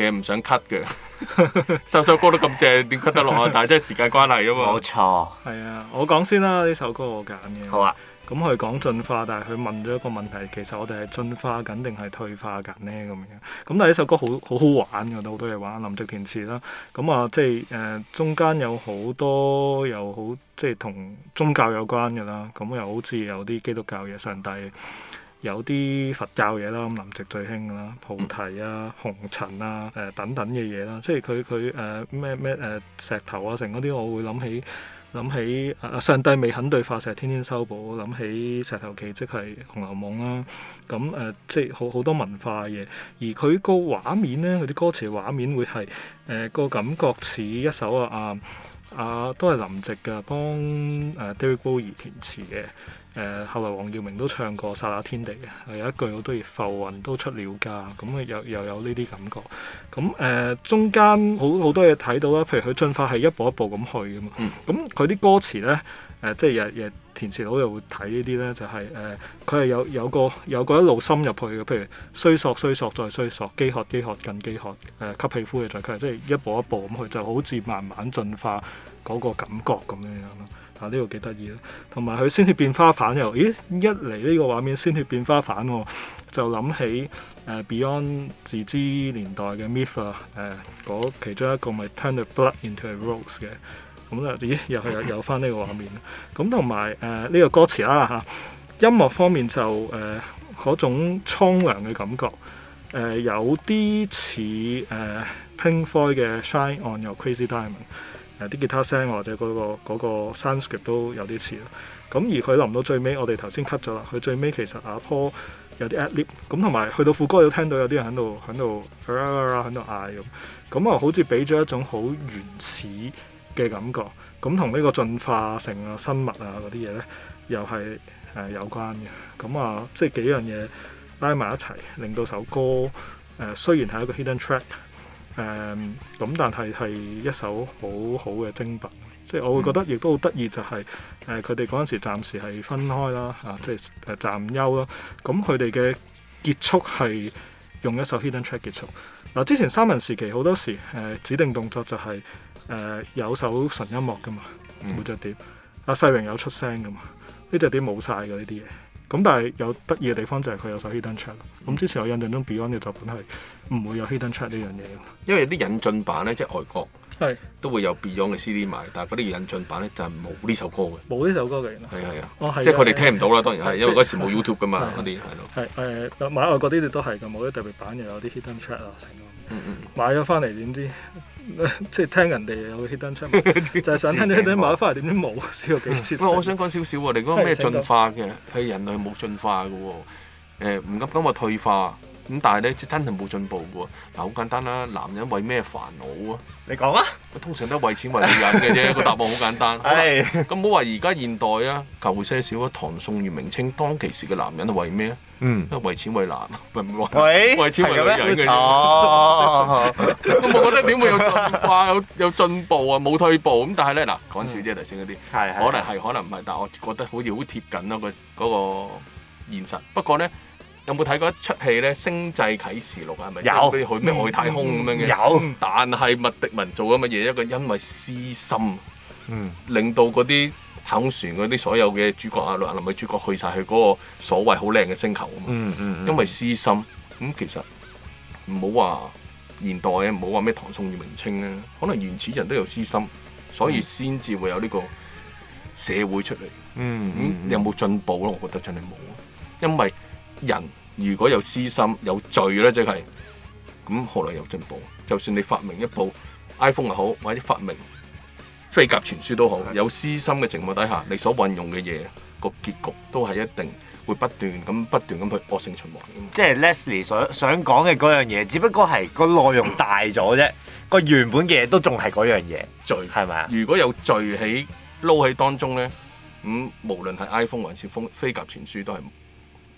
嘢唔想 cut 嘅，首首歌都咁正，點 cut 得落啊？但係即係時間關係啊嘛。冇錯，係 啊，我講先啦，呢首歌我揀嘅。好啊，咁佢講進化，但係佢問咗一個問題，其實我哋係進化緊定係退化緊呢咁樣。咁但係呢首歌好好好玩㗎，都好多嘢玩，林夕填詞啦。咁、嗯、啊，即係誒、呃、中間有好多有好，即係同宗教有關㗎啦。咁又好似有啲基督教嘅上帝。有啲佛教嘢啦，咁林夕最興㗎啦，菩提啊、紅塵啊、誒、呃、等等嘅嘢啦，即係佢佢誒咩咩誒石頭啊，成嗰啲我會諗起諗起上帝未肯對化石，啊石，啊石，啊石啊、天天修補，諗起石頭記係紅樓夢、啊、啦，咁誒、呃、即係好好多文化嘅嘢，而佢個畫面咧，佢啲歌詞畫面會係誒個感覺似一首啊啊啊都係林夕㗎，幫誒、呃、David Bowie 填詞嘅。誒後來黃耀明都唱過《剎那天地》啊，有一句好多嘢浮雲都出了家，咁又又有呢啲感覺。咁誒、呃、中間好好多嘢睇到啦，譬如佢進化係一步一步咁去嘅嘛。咁佢啲歌詞呢，呃、即係日日，日填詞佬又會睇呢啲呢，就係誒佢係有有個有個一路深入去嘅，譬如衰索衰索再衰索，飢渴飢渴更飢渴，誒吸氣呼氣再吸，即係一步一步咁去，就好似慢慢進化嗰個感覺咁樣樣咯。啊！呢、這個幾得意啦，同埋佢鮮血變花瓣又，咦一嚟呢個畫面鮮血變花瓣、啊，就諗起、呃、Beyond 自知年代嘅《Myth 啊，誒、呃、嗰其中一個咪 Turn The Blood Into Rose》嘅，咁啊咦又係有有翻呢個畫面，咁同埋誒呢個歌詞啦、啊、嚇、啊，音樂方面就誒嗰、呃、種蒼涼嘅感覺，誒、呃、有啲似誒 Pink Floyd 嘅《Shine On Your Crazy Diamond》。誒啲、啊、吉他聲或者嗰，那個嗰，那個 soundscape 都有啲似咁，而佢臨到最尾，我哋頭先 cut 咗啦。佢最尾其實阿 Paul 有啲 ad-lib，咁、啊、同埋去到副歌都聽到有啲人喺度喺度啦啦啦喺度嗌咁，咁啊 好似俾咗一種好原始嘅感覺，咁同呢個進化性啊生物啊嗰啲嘢呢，又係誒、啊、有關嘅。咁啊，即係幾樣嘢拉埋一齊，令到首歌誒、啊、雖然係一個 hidden track。誒咁，um, 但係係一首好好嘅精品，即係我會覺得亦都好得意就係誒佢哋嗰陣時暫時係分開啦、啊、即係暫休咯。咁佢哋嘅結束係用一首 hidden track 結束嗱、啊。之前三文時期好多時誒、呃、指定動作就係、是、誒、呃、有首純音樂噶嘛，每隻碟阿、嗯啊、世榮有出聲噶嘛，呢隻碟冇晒噶呢啲嘢。咁但係有得意嘅地方就係佢有首 Hidden Track。咁之前我印象中 Beyond 嘅作品係唔會有 Hidden Track 呢樣嘢嘅。因為有啲引進版咧，即係外國係都會有 Beyond 嘅 CD 賣，但係嗰啲引進版咧就係冇呢首歌嘅。冇呢首歌嘅。係係啊，即係佢哋聽唔到啦，當然係，因為嗰時冇 YouTube 㗎嘛，嗰啲係咯。係誒買外國啲亦都係㗎，冇啲特別版又有啲 Hidden Track 啊成。嗯嗯買咗返嚟點知？即係 聽人哋又氣得出，就係、是、想聽你啲買翻嚟點知冇，笑到幾次笑、嗯點點教！不過我想講少少喎，你嗰個咩進化嘅係人類冇進化嘅喎，誒唔急急我退化。咁但係咧，真係冇進步嘅喎。嗱，好簡單啦，男人為咩煩惱啊？你講啊！通常都係為錢為女人嘅啫。個答案好簡單。咁好話而家現代啊，舊些少啊，唐宋元明清當其時嘅男人係為咩啊？嗯。因為錢為男，唔係為錢為女人嘅。咁我覺得點會有進化，有有進步啊？冇退步。咁但係咧，嗱，講笑啫，頭先嗰啲。可能係，可能唔係。但係我覺得好似好貼緊咯，個嗰個現實。不過咧。有冇睇過一出戲咧《星際啟示錄》係咪？有嗰去咩外太空咁樣嘅、嗯？有。但係麥迪文做咗乜嘢？一個因為私心，嗯、令到嗰啲太空船嗰啲所有嘅主角啊、六啊、林尾主角去晒佢嗰個所謂好靚嘅星球啊嘛。嗯嗯嗯、因為私心，咁、嗯、其實唔好話現代啊，唔好話咩唐宋元明清咧，可能原始人都有私心，所以先至會有呢個社會出嚟。嗯，嗯，嗯你有冇進步咯？我覺得真係冇，因為。人如果有私心有罪咧，即係咁，何來有進步？就算你發明一部 iPhone 又好，或者發明飛鴿傳書都好，有私心嘅情況底下，你所運用嘅嘢個結局都係一定會不斷咁不斷咁去惡性循環。即係 Leslie 所想講嘅嗰樣嘢，只不過係個內容大咗啫，個原本嘅嘢都仲係嗰樣嘢。罪係咪啊？如果有罪喺撈喺當中咧，咁無論係 iPhone 還是飛鴿傳書都係。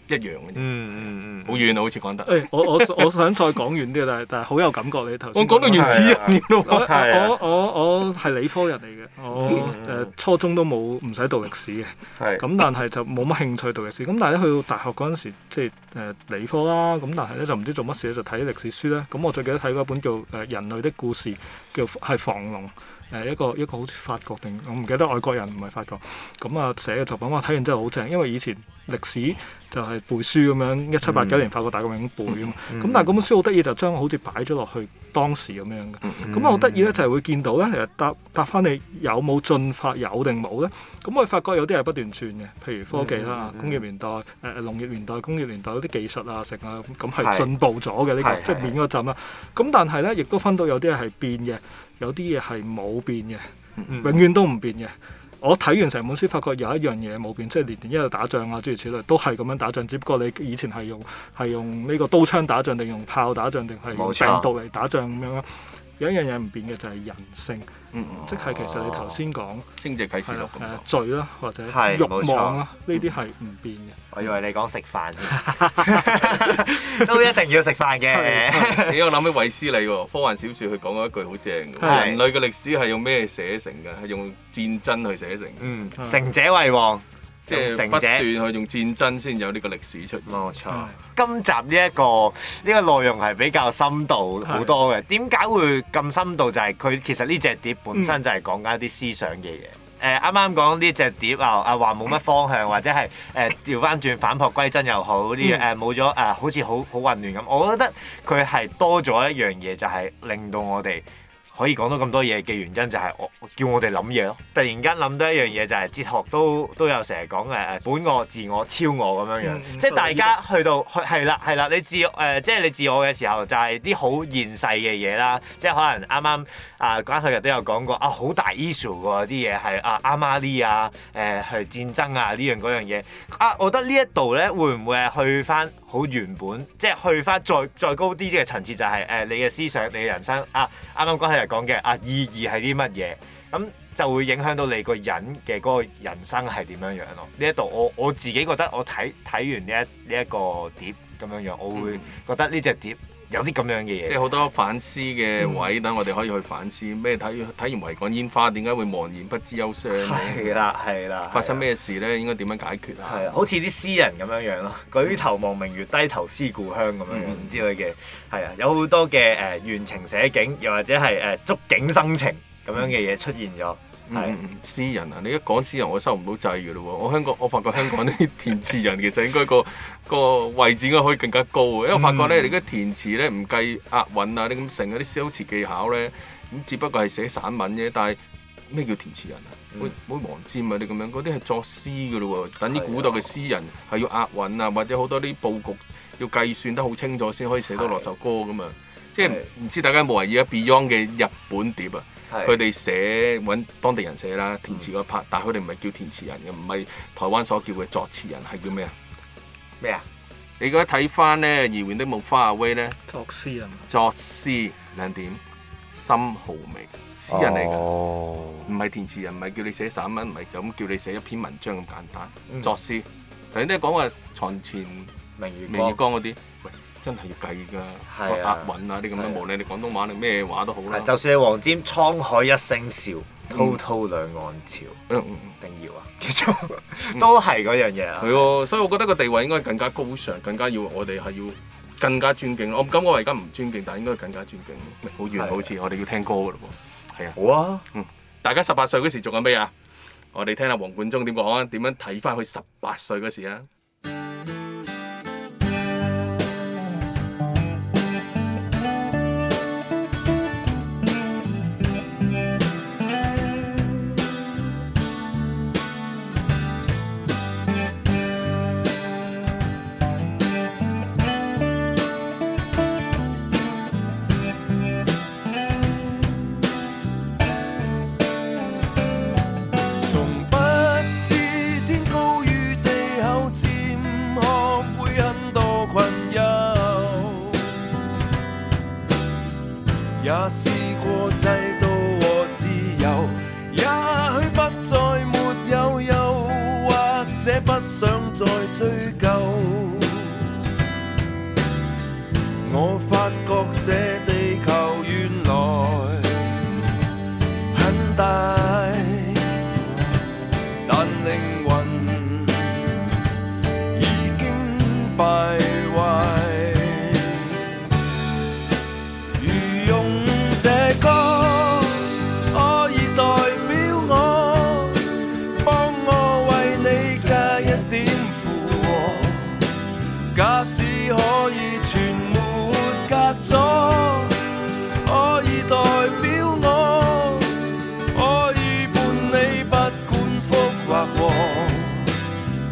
一樣嘅啫，嗯嗯嗯，好遠啊，好似講得。誒、欸，我我我想再講遠啲 但係但係好有感覺你頭先。我講到原始人，我我我係理科人嚟嘅，我誒 初中都冇唔使讀歷史嘅，咁 但係就冇乜興趣讀歷史。咁但係去到大學嗰陣時，即係誒、呃、理科啦，咁但係咧就唔知做乜事咧就睇歷史書咧。咁我最記得睇過一本叫誒人類的故事，叫係房龍。誒，一個一個好似法國定我唔記得，外國人，唔係法國，咁啊寫嘅作品，我睇完真係好正，因為以前歷史就係背書咁樣，一七八九年法國大革命，背啊嘛，咁但係嗰本書好得意，就將好似擺咗落去當時咁樣嘅，咁我好得意咧就係會見到咧，其實答答翻你有冇進發有定冇咧？咁我發覺有啲係不斷轉嘅，譬如科技啦、工業年代、誒農業年代、工業年代嗰啲技術啊成啊，咁係進步咗嘅，呢個即係變嗰陣啦，咁但係咧亦都分到有啲係變嘅。有啲嘢係冇變嘅，永遠都唔變嘅。我睇完成本書，發覺有一樣嘢冇變，即係年年一路打仗啊，諸如此類，都係咁樣打仗。只不過你以前係用係用呢個刀槍打仗，定用炮打仗，定係用病毒嚟打仗咁、啊、樣咯。有一樣嘢唔變嘅就係、是、人性。嗯嗯、即係其實你頭先講，誒罪啦，或者慾望咯，呢啲係唔變嘅、嗯。我以為你講食飯 都一定要食飯嘅。你、欸、我諗起韋斯理喎，科幻小説佢講過一句好正，的人類嘅歷史係用咩寫成嘅？係用戰爭去寫成。嗯，成者為王。用成者不斷去用戰爭先有呢個歷史出，冇錯。是的 今集呢、這、一個呢、呢個內容係比較深度好多嘅。點解是的 會咁深度？就係、是、佢其實呢隻碟本身就係講緊一啲思想嘅嘢。誒啱啱講呢隻碟啊啊話冇乜方向，或者係誒調翻轉反璞歸真又好啲誒冇咗誒好似好好混亂咁。我覺得佢係多咗一樣嘢，就係令到我哋。可以講到咁多嘢嘅原因就係我叫我哋諗嘢囉。突然間諗到一樣嘢就係哲學都都有成日講嘅：「誒本我、自我、超我咁樣樣， 即係大家去到係啦係啦，你自誒、呃、即係你自我嘅時候就係啲好現世嘅嘢啦，即係可能啱啱、呃、啊關秀日都有講過啊好大 issue 喎啲嘢係啊阿媽啲啊誒係戰爭啊呢樣嗰樣嘢啊，我覺得呢一度咧會唔會係去返？好原本，即係去翻再再高啲啲嘅層次、就係，就係誒你嘅思想、你嘅人生啊，啱啱講起嚟講嘅啊，意義係啲乜嘢？咁、嗯、就會影響到你個人嘅嗰、嗰個人生係點樣樣咯。呢一度我我自己覺得我，我睇睇完呢一呢一個碟咁樣樣，我會覺得呢隻碟。有啲咁樣嘅嘢，即係好多反思嘅位，等、嗯、我哋可以去反思咩？睇睇完維港煙花，點解會茫然不知憂傷咧？係啦，係啦。發生咩事呢？的應該點樣解決啊？係好似啲詩人咁樣樣咯，舉頭望明月，低頭思故鄉咁樣之、嗯、類嘅，係啊，有好多嘅誒緣情寫景，又或者係誒觸景生情咁樣嘅嘢出現咗。嗯嗯。是嗯，詩人啊，你一講詩人，我收唔到掣噶咯喎！我香港，我發覺香港啲填詞人其實應該個 個，個位置應該可以更加高嘅，因為我發覺咧，你而家填詞咧唔計押韻啊，你咁成嗰啲修辭技巧咧，咁只不過係寫散文啫。但係咩叫填詞人啊？嗯、好似黃霑嗰啲咁樣，嗰啲係作詩噶咯喎。等啲古代嘅詩人係要押韻啊，或者好多啲佈局要計算得好清楚先可以寫到落首歌噶啊。即係唔知大家有冇留意啊？Beyond 嘅日本碟啊！佢哋是寫揾當地人寫啦，填詞嗰 part，嗯、但係佢哋唔係叫填詞人嘅，唔係台灣所叫嘅作詞人，係叫咩啊？咩啊麼？你而家睇翻咧《遙遠都冇花阿威》咧，作詩啊作詩兩點，心豪美，詩人嚟㗎，唔係、哦、填詞人，唔係叫你寫散文，唔係就咁叫你寫一篇文章咁簡單，嗯、作詩，頭先都係講話牀前明月明月光嗰啲。真係要計㗎，押韻啊啲咁樣模呢？你廣東話定咩話都好啦。就算係黃霑《滄海一聲笑，滔滔兩岸潮》，定要啊，其實都係嗰樣嘢啊。所以我覺得個地位應該更加高尚，更加要我哋係要更加尊敬我唔敢話我而家唔尊敬，但係應該更加尊敬好遠好似我哋要聽歌㗎咯噃。係啊，好啊。大家十八歲嗰時做緊咩啊？我哋聽下黃貫中點講啊？點樣睇翻佢十八歲嗰時啊？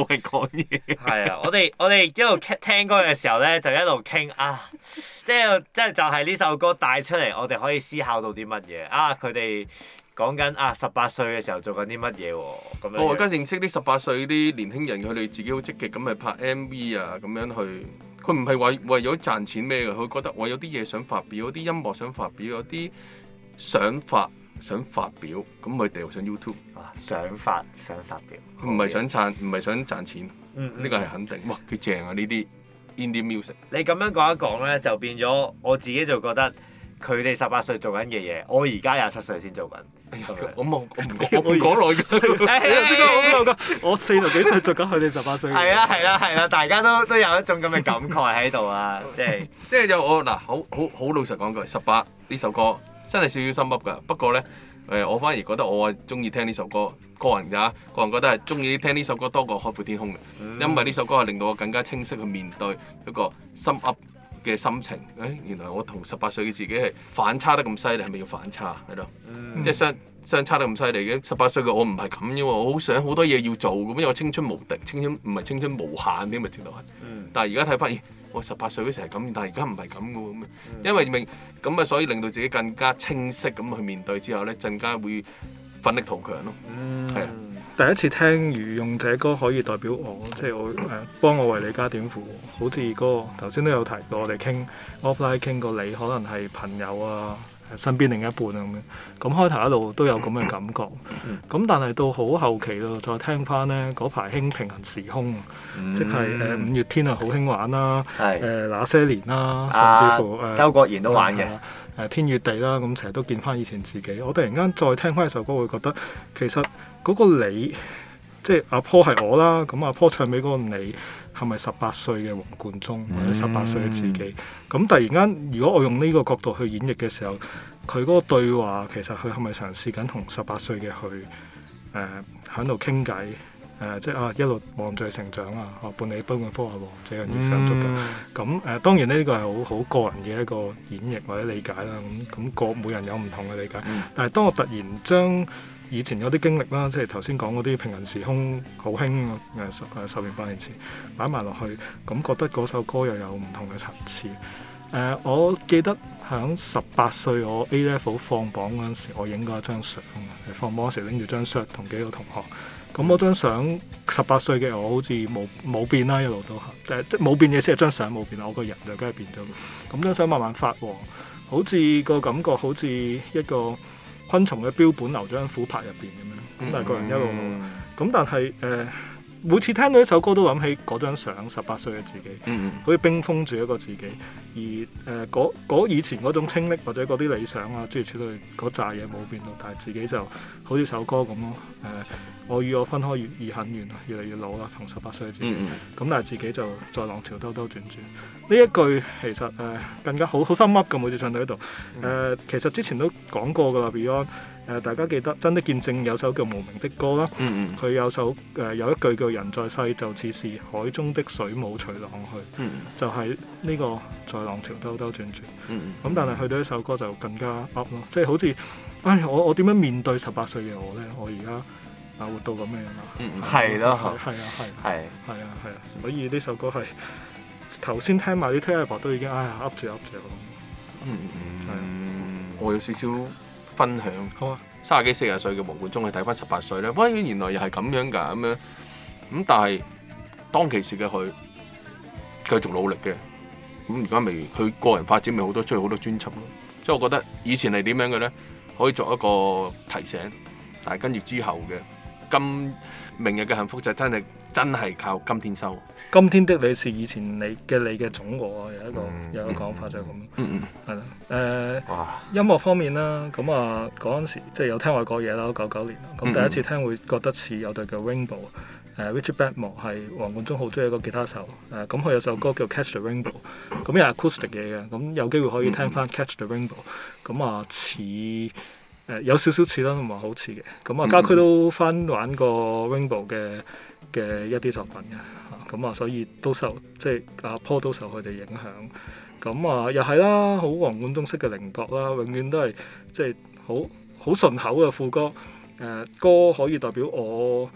冇人講嘢。係啊，我哋我哋一路聽歌嘅時候咧，就一路傾啊，即係即係就係、是、呢首歌帶出嚟，我哋可以思考到啲乜嘢啊？佢哋講緊啊，十八歲嘅時候做緊啲乜嘢喎？咁樣。我而家認識啲十八歲啲年輕人，佢哋自己好積極咁去、就是、拍 MV 啊，咁樣去。佢唔係為為咗賺錢咩嘅，佢覺得我有啲嘢想發表，有啲音樂想發表，有啲想法。想發表，咁佢哋又上 YouTube、啊。想發想發表，唔、okay. 係想賺，唔係想賺錢。呢個係肯定。Mm. 哇，幾正啊！呢啲 Indie Music。你咁樣講一講咧，就變咗我自己就覺得 paint，佢哋十八歲做緊嘅嘢，我而家廿七歲先做緊。我望，我唔講，我耐㗎。我四十幾歲做緊，佢哋十八歲。係啦，係啦，係啦，大家都都有一種咁嘅感慨喺度啊！即係即係就我、是、嗱，好好好老實講句，十八呢首歌。真係少少心噏㗎，不過咧，誒、呃、我反而覺得我中意聽呢首歌，個人㗎，個人覺得係中意聽呢首歌多過《海闊天空》嘅，mm. 因為呢首歌係令到我更加清晰去面對一個心噏嘅心情。誒、欸，原來我同十八歲嘅自己係反差得咁犀利，係咪要反差係咯？Mm. 即係相相差得咁犀利嘅十八歲嘅我唔係咁啫喎，我好想好多嘢要做咁，因為我青春無敵，青春唔係青春無限添嘛，直頭係。但係而家睇發現。我十八歲都成日咁，但係而家唔係咁嘅，嗯、因為明，咁咪所以令到自己更加清晰咁去面對之後咧，更加會奮力圖強咯。嗯，的第一次聽如用者歌可以代表我，即係我誒、啊、幫我為你加點符號，好似歌頭先都有提過，我哋傾 offline 傾過你可能係朋友啊。身邊另一半咁咁咁開頭一路都有咁嘅感覺。咁、嗯、但係到好後期咯，再聽翻咧嗰排興平行時空，嗯、即係、呃、五月天啊，好興玩啦，誒那、呃、些年啦，甚至乎、啊呃、周國賢都玩嘅、呃、天與地啦。咁成日都見翻以前自己。我突然間再聽翻一首歌，會覺得其實嗰個你，即係阿坡係我啦。咁阿坡唱畀嗰個你。係咪十八歲嘅黃貫中或者十八歲嘅自己？咁、mm hmm. 突然間，如果我用呢個角度去演繹嘅時候，佢嗰個對話其實佢係咪嘗試緊同十八歲嘅佢誒喺度傾偈？誒、呃呃、即係啊一路望住成長啊，哦伴你奔向科學王，這樣已經足夠。咁誒、mm hmm. 呃、當然呢個係好好個人嘅一個演繹或者理解啦。咁、那、咁個每人有唔同嘅理解。Mm hmm. 但係當我突然將以前有啲經歷啦，即係頭先講嗰啲平行時空，好興十年八年前擺埋落去，咁覺得嗰首歌又有唔同嘅層次。誒、呃，我記得響十八歲我 A Level 放榜嗰陣時，我影過一張相。放榜嗰時拎住張相同幾個同學，咁嗰張相十八歲嘅我好似冇冇變啦，一路都嚇、呃、即冇變嘅先係張相冇變，我個人就梗係變咗。咁張相慢慢發黃，好似個感覺好似一個。昆蟲嘅標本留咗喺琥珀入邊咁樣，咁但係個人一路,路，咁、mm hmm. 但係誒、呃，每次聽到一首歌都諗起嗰張相十八歲嘅自己，嗯嗯、mm，hmm. 好似冰封住一個自己，而誒嗰、呃、以前嗰種清晰或者嗰啲理想啊諸如此類嗰扎嘢冇變到，但係自己就好似首歌咁咯，誒、呃。我與我分開越，越很遠越嚟越老啦，同十八歲嘅自己咁，mm hmm. 但係自己就在浪潮兜兜轉轉。呢一句其實誒、呃、更加好好心噏㗎，每次唱到呢度誒，其實之前都講過嘅啦，Beyond 誒、呃，大家記得真的見證有首叫無名的歌啦，佢、mm hmm. 有首誒、呃、有一句叫人在世就似是海中的水母隨浪去，mm hmm. 就係呢個在浪潮兜兜轉轉，mm hmm. 嗯咁但係去到呢首歌就更加噏咯，即、就、係、是、好似唉、哎，我我點樣面對十八歲嘅我咧？我而家啊，活到咁樣啊，嗯，係咯，係啊，係，係，係啊，係啊，所以呢首歌係頭先聽埋啲聽都已經哎噏住噏住咯。嗯，係。我有少少分享。好啊。三十幾、四十歲嘅黃貫中去睇翻十八歲咧，喂，原來又係咁樣㗎，咁樣咁。但係當其時嘅佢繼續努力嘅咁，而家未，佢個人發展咪好多出好多專輯咯。即係我覺得以前係點樣嘅咧，可以作一個提醒，但係跟住之後嘅。今明日嘅幸福就真係真係靠今天收。今天的你是以前你嘅你嘅總和啊，有一個有一講法就係咁。嗯，係啦。誒，音樂方面啦，咁啊嗰陣時即係有聽我講嘢外國嘢啦，九九年。咁第一次聽會覺得似有隊叫 Rainbow，誒 Ritchie Blackmore 係黃貫中好中意一個吉他手。誒咁佢有首歌叫 Catch the Rainbow，咁又係 Acoustic 嘢嘅。咁有機會可以聽翻 Catch the Rainbow，咁啊似。誒有少少似啦，唔係好似嘅。咁啊，家駒都翻玩過 Rainbow 嘅嘅一啲作品嘅。咁啊，所以都受即係阿 Paul 都受佢哋影響。咁啊，又係啦，好黃貫中式嘅靈歌啦，永遠都係即係好好順口嘅副歌。誒、呃、歌可以代表我。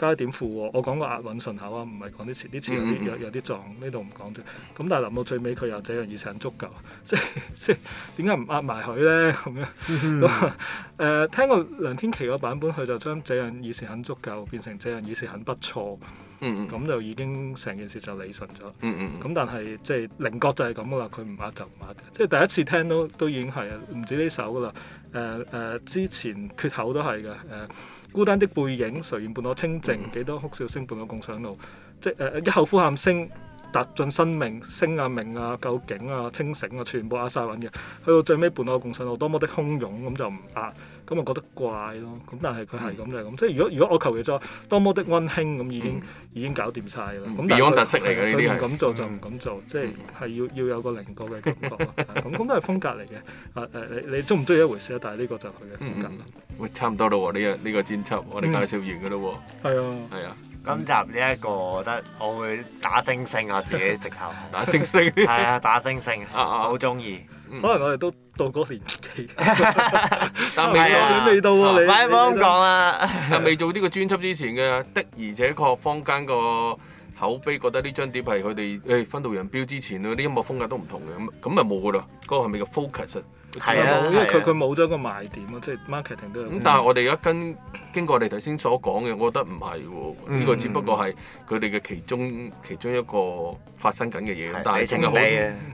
加一點負喎，我講過押韻順口啊，唔係講啲詞，啲詞有啲、嗯、有有啲撞，呢度唔講住。咁但係臨到最尾佢又這樣意思很足夠，即係即係點解唔押埋佢咧？咁樣咁誒， 聽過梁天琦個版本，佢就將這樣意思很足夠變成這樣意思很不錯，嗯咁就已經成件事就理順咗、嗯，嗯咁但係即係靈覺就係咁噶啦，佢唔押就唔押，即、就、係、是、第一次聽都都已經係唔止呢首噶啦，誒、呃、誒、呃、之前缺口都係嘅，誒、呃。呃孤單的背影，誰伴我清靜？幾、嗯、多哭笑聲伴我共上路，即誒、呃、一口呼喊聲踏進生命聲啊鳴啊究竟啊清醒啊全部壓、啊、晒。穩嘅，去到最尾伴我共上路，多麼的洶湧咁就唔壓。咁咪覺得怪咯，咁但係佢係咁就係咁。即係如果如果我求其作多麼的溫馨咁，已經已經搞掂晒啦。咁但係佢唔敢做就唔敢做，即係係要要有個稜角嘅感覺。咁咁都係風格嚟嘅。誒誒，你你中唔中意一回事啊？但係呢個就係佢嘅風格。喂，差唔多咯喎，呢個呢個專輯我哋介紹完㗎咯喎。係啊。係啊。今集呢一個，我覺得我會打星星啊，自己直頭打星星。係啊，打星星，我好中意。嗯、可能我哋都到嗰個年紀， 但未做 到，未到喎你。唔好咁講啊， 未做呢個專輯之前嘅的，的而且確坊間個口碑覺得呢張碟係佢哋誒分道揚鑣之前咯，啲音樂風格都唔同嘅，咁咁咪冇噶啦。嗰、嗰個係咪叫 focus？係啊，因為佢佢冇咗個賣點啊，即係 marketing 都有。咁但係我哋而家跟經過我哋頭先所講嘅，我覺得唔係喎，呢個只不過係佢哋嘅其中其中一個發生緊嘅嘢。但係仲有好，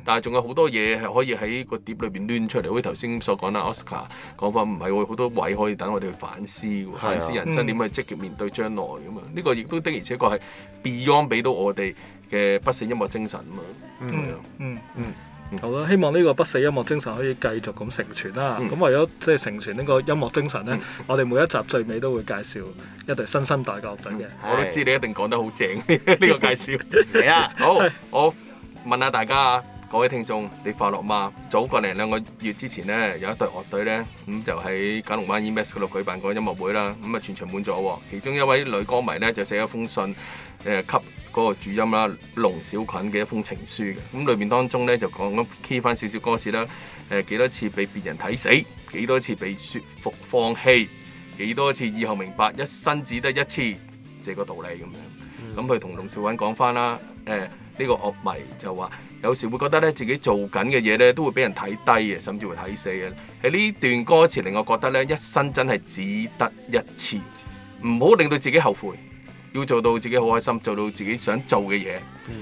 但係仲有好多嘢係可以喺個碟裏邊亂出嚟，好似頭先所講啦。Oscar 講法唔係喎，好多位可以等我哋去反思，反思人生點去積極面對將來咁啊。呢個亦都的而且確係 Beyond 俾到我哋嘅不死音樂精神啊嘛。嗯嗯。嗯、好啦，希望呢個不死音樂精神可以繼續咁成傳啦、啊。咁、嗯、為咗即係成傳呢個音樂精神呢，嗯、我哋每一集最尾都會介紹一隊新生代樂隊嘅。我都知你一定講得好正呢個介紹。嚟 啊，好，嗯、我問下大家啊。各位聽眾，你快樂嗎？早過嚟兩個月之前呢，有一隊樂隊呢，咁就喺九龍灣 EMAS 嗰度舉辦過音樂會啦。咁啊，全場滿座喎。其中一位女歌迷呢，就寫咗封信，誒、呃，給嗰個主音啦，龍小菌嘅一封情書嘅。咁裏面當中呢，就講咗 key 翻少少歌詞啦。誒、呃，幾多次被別人睇死，幾多次被説服放棄，幾多次以後明白，一生只得一次，這個道理咁樣。咁佢同龍小菌講翻啦，誒、呃，呢、這個樂迷就話。有時會覺得咧自己做緊嘅嘢咧都會俾人睇低嘅，甚至會睇死嘅。喺呢段歌詞令我覺得咧一生真係只得一次，唔好令到自己後悔，要做到自己好開心，做到自己想做嘅嘢。咁、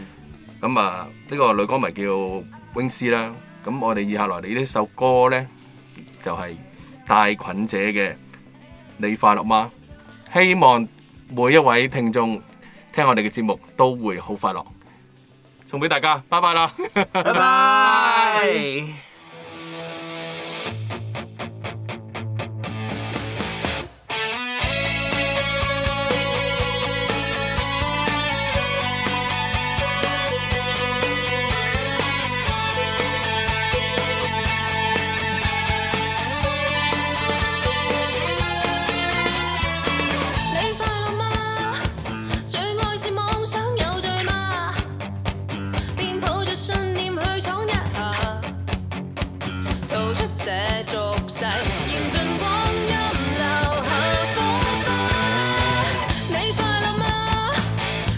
嗯、啊，呢、這個女歌迷叫 Wing 啦。咁我哋以下嚟呢首歌咧就係、是、帶菌者嘅，你快樂嗎？希望每一位聽眾聽我哋嘅節目都會好快樂。送俾大家，拜拜啦，拜拜。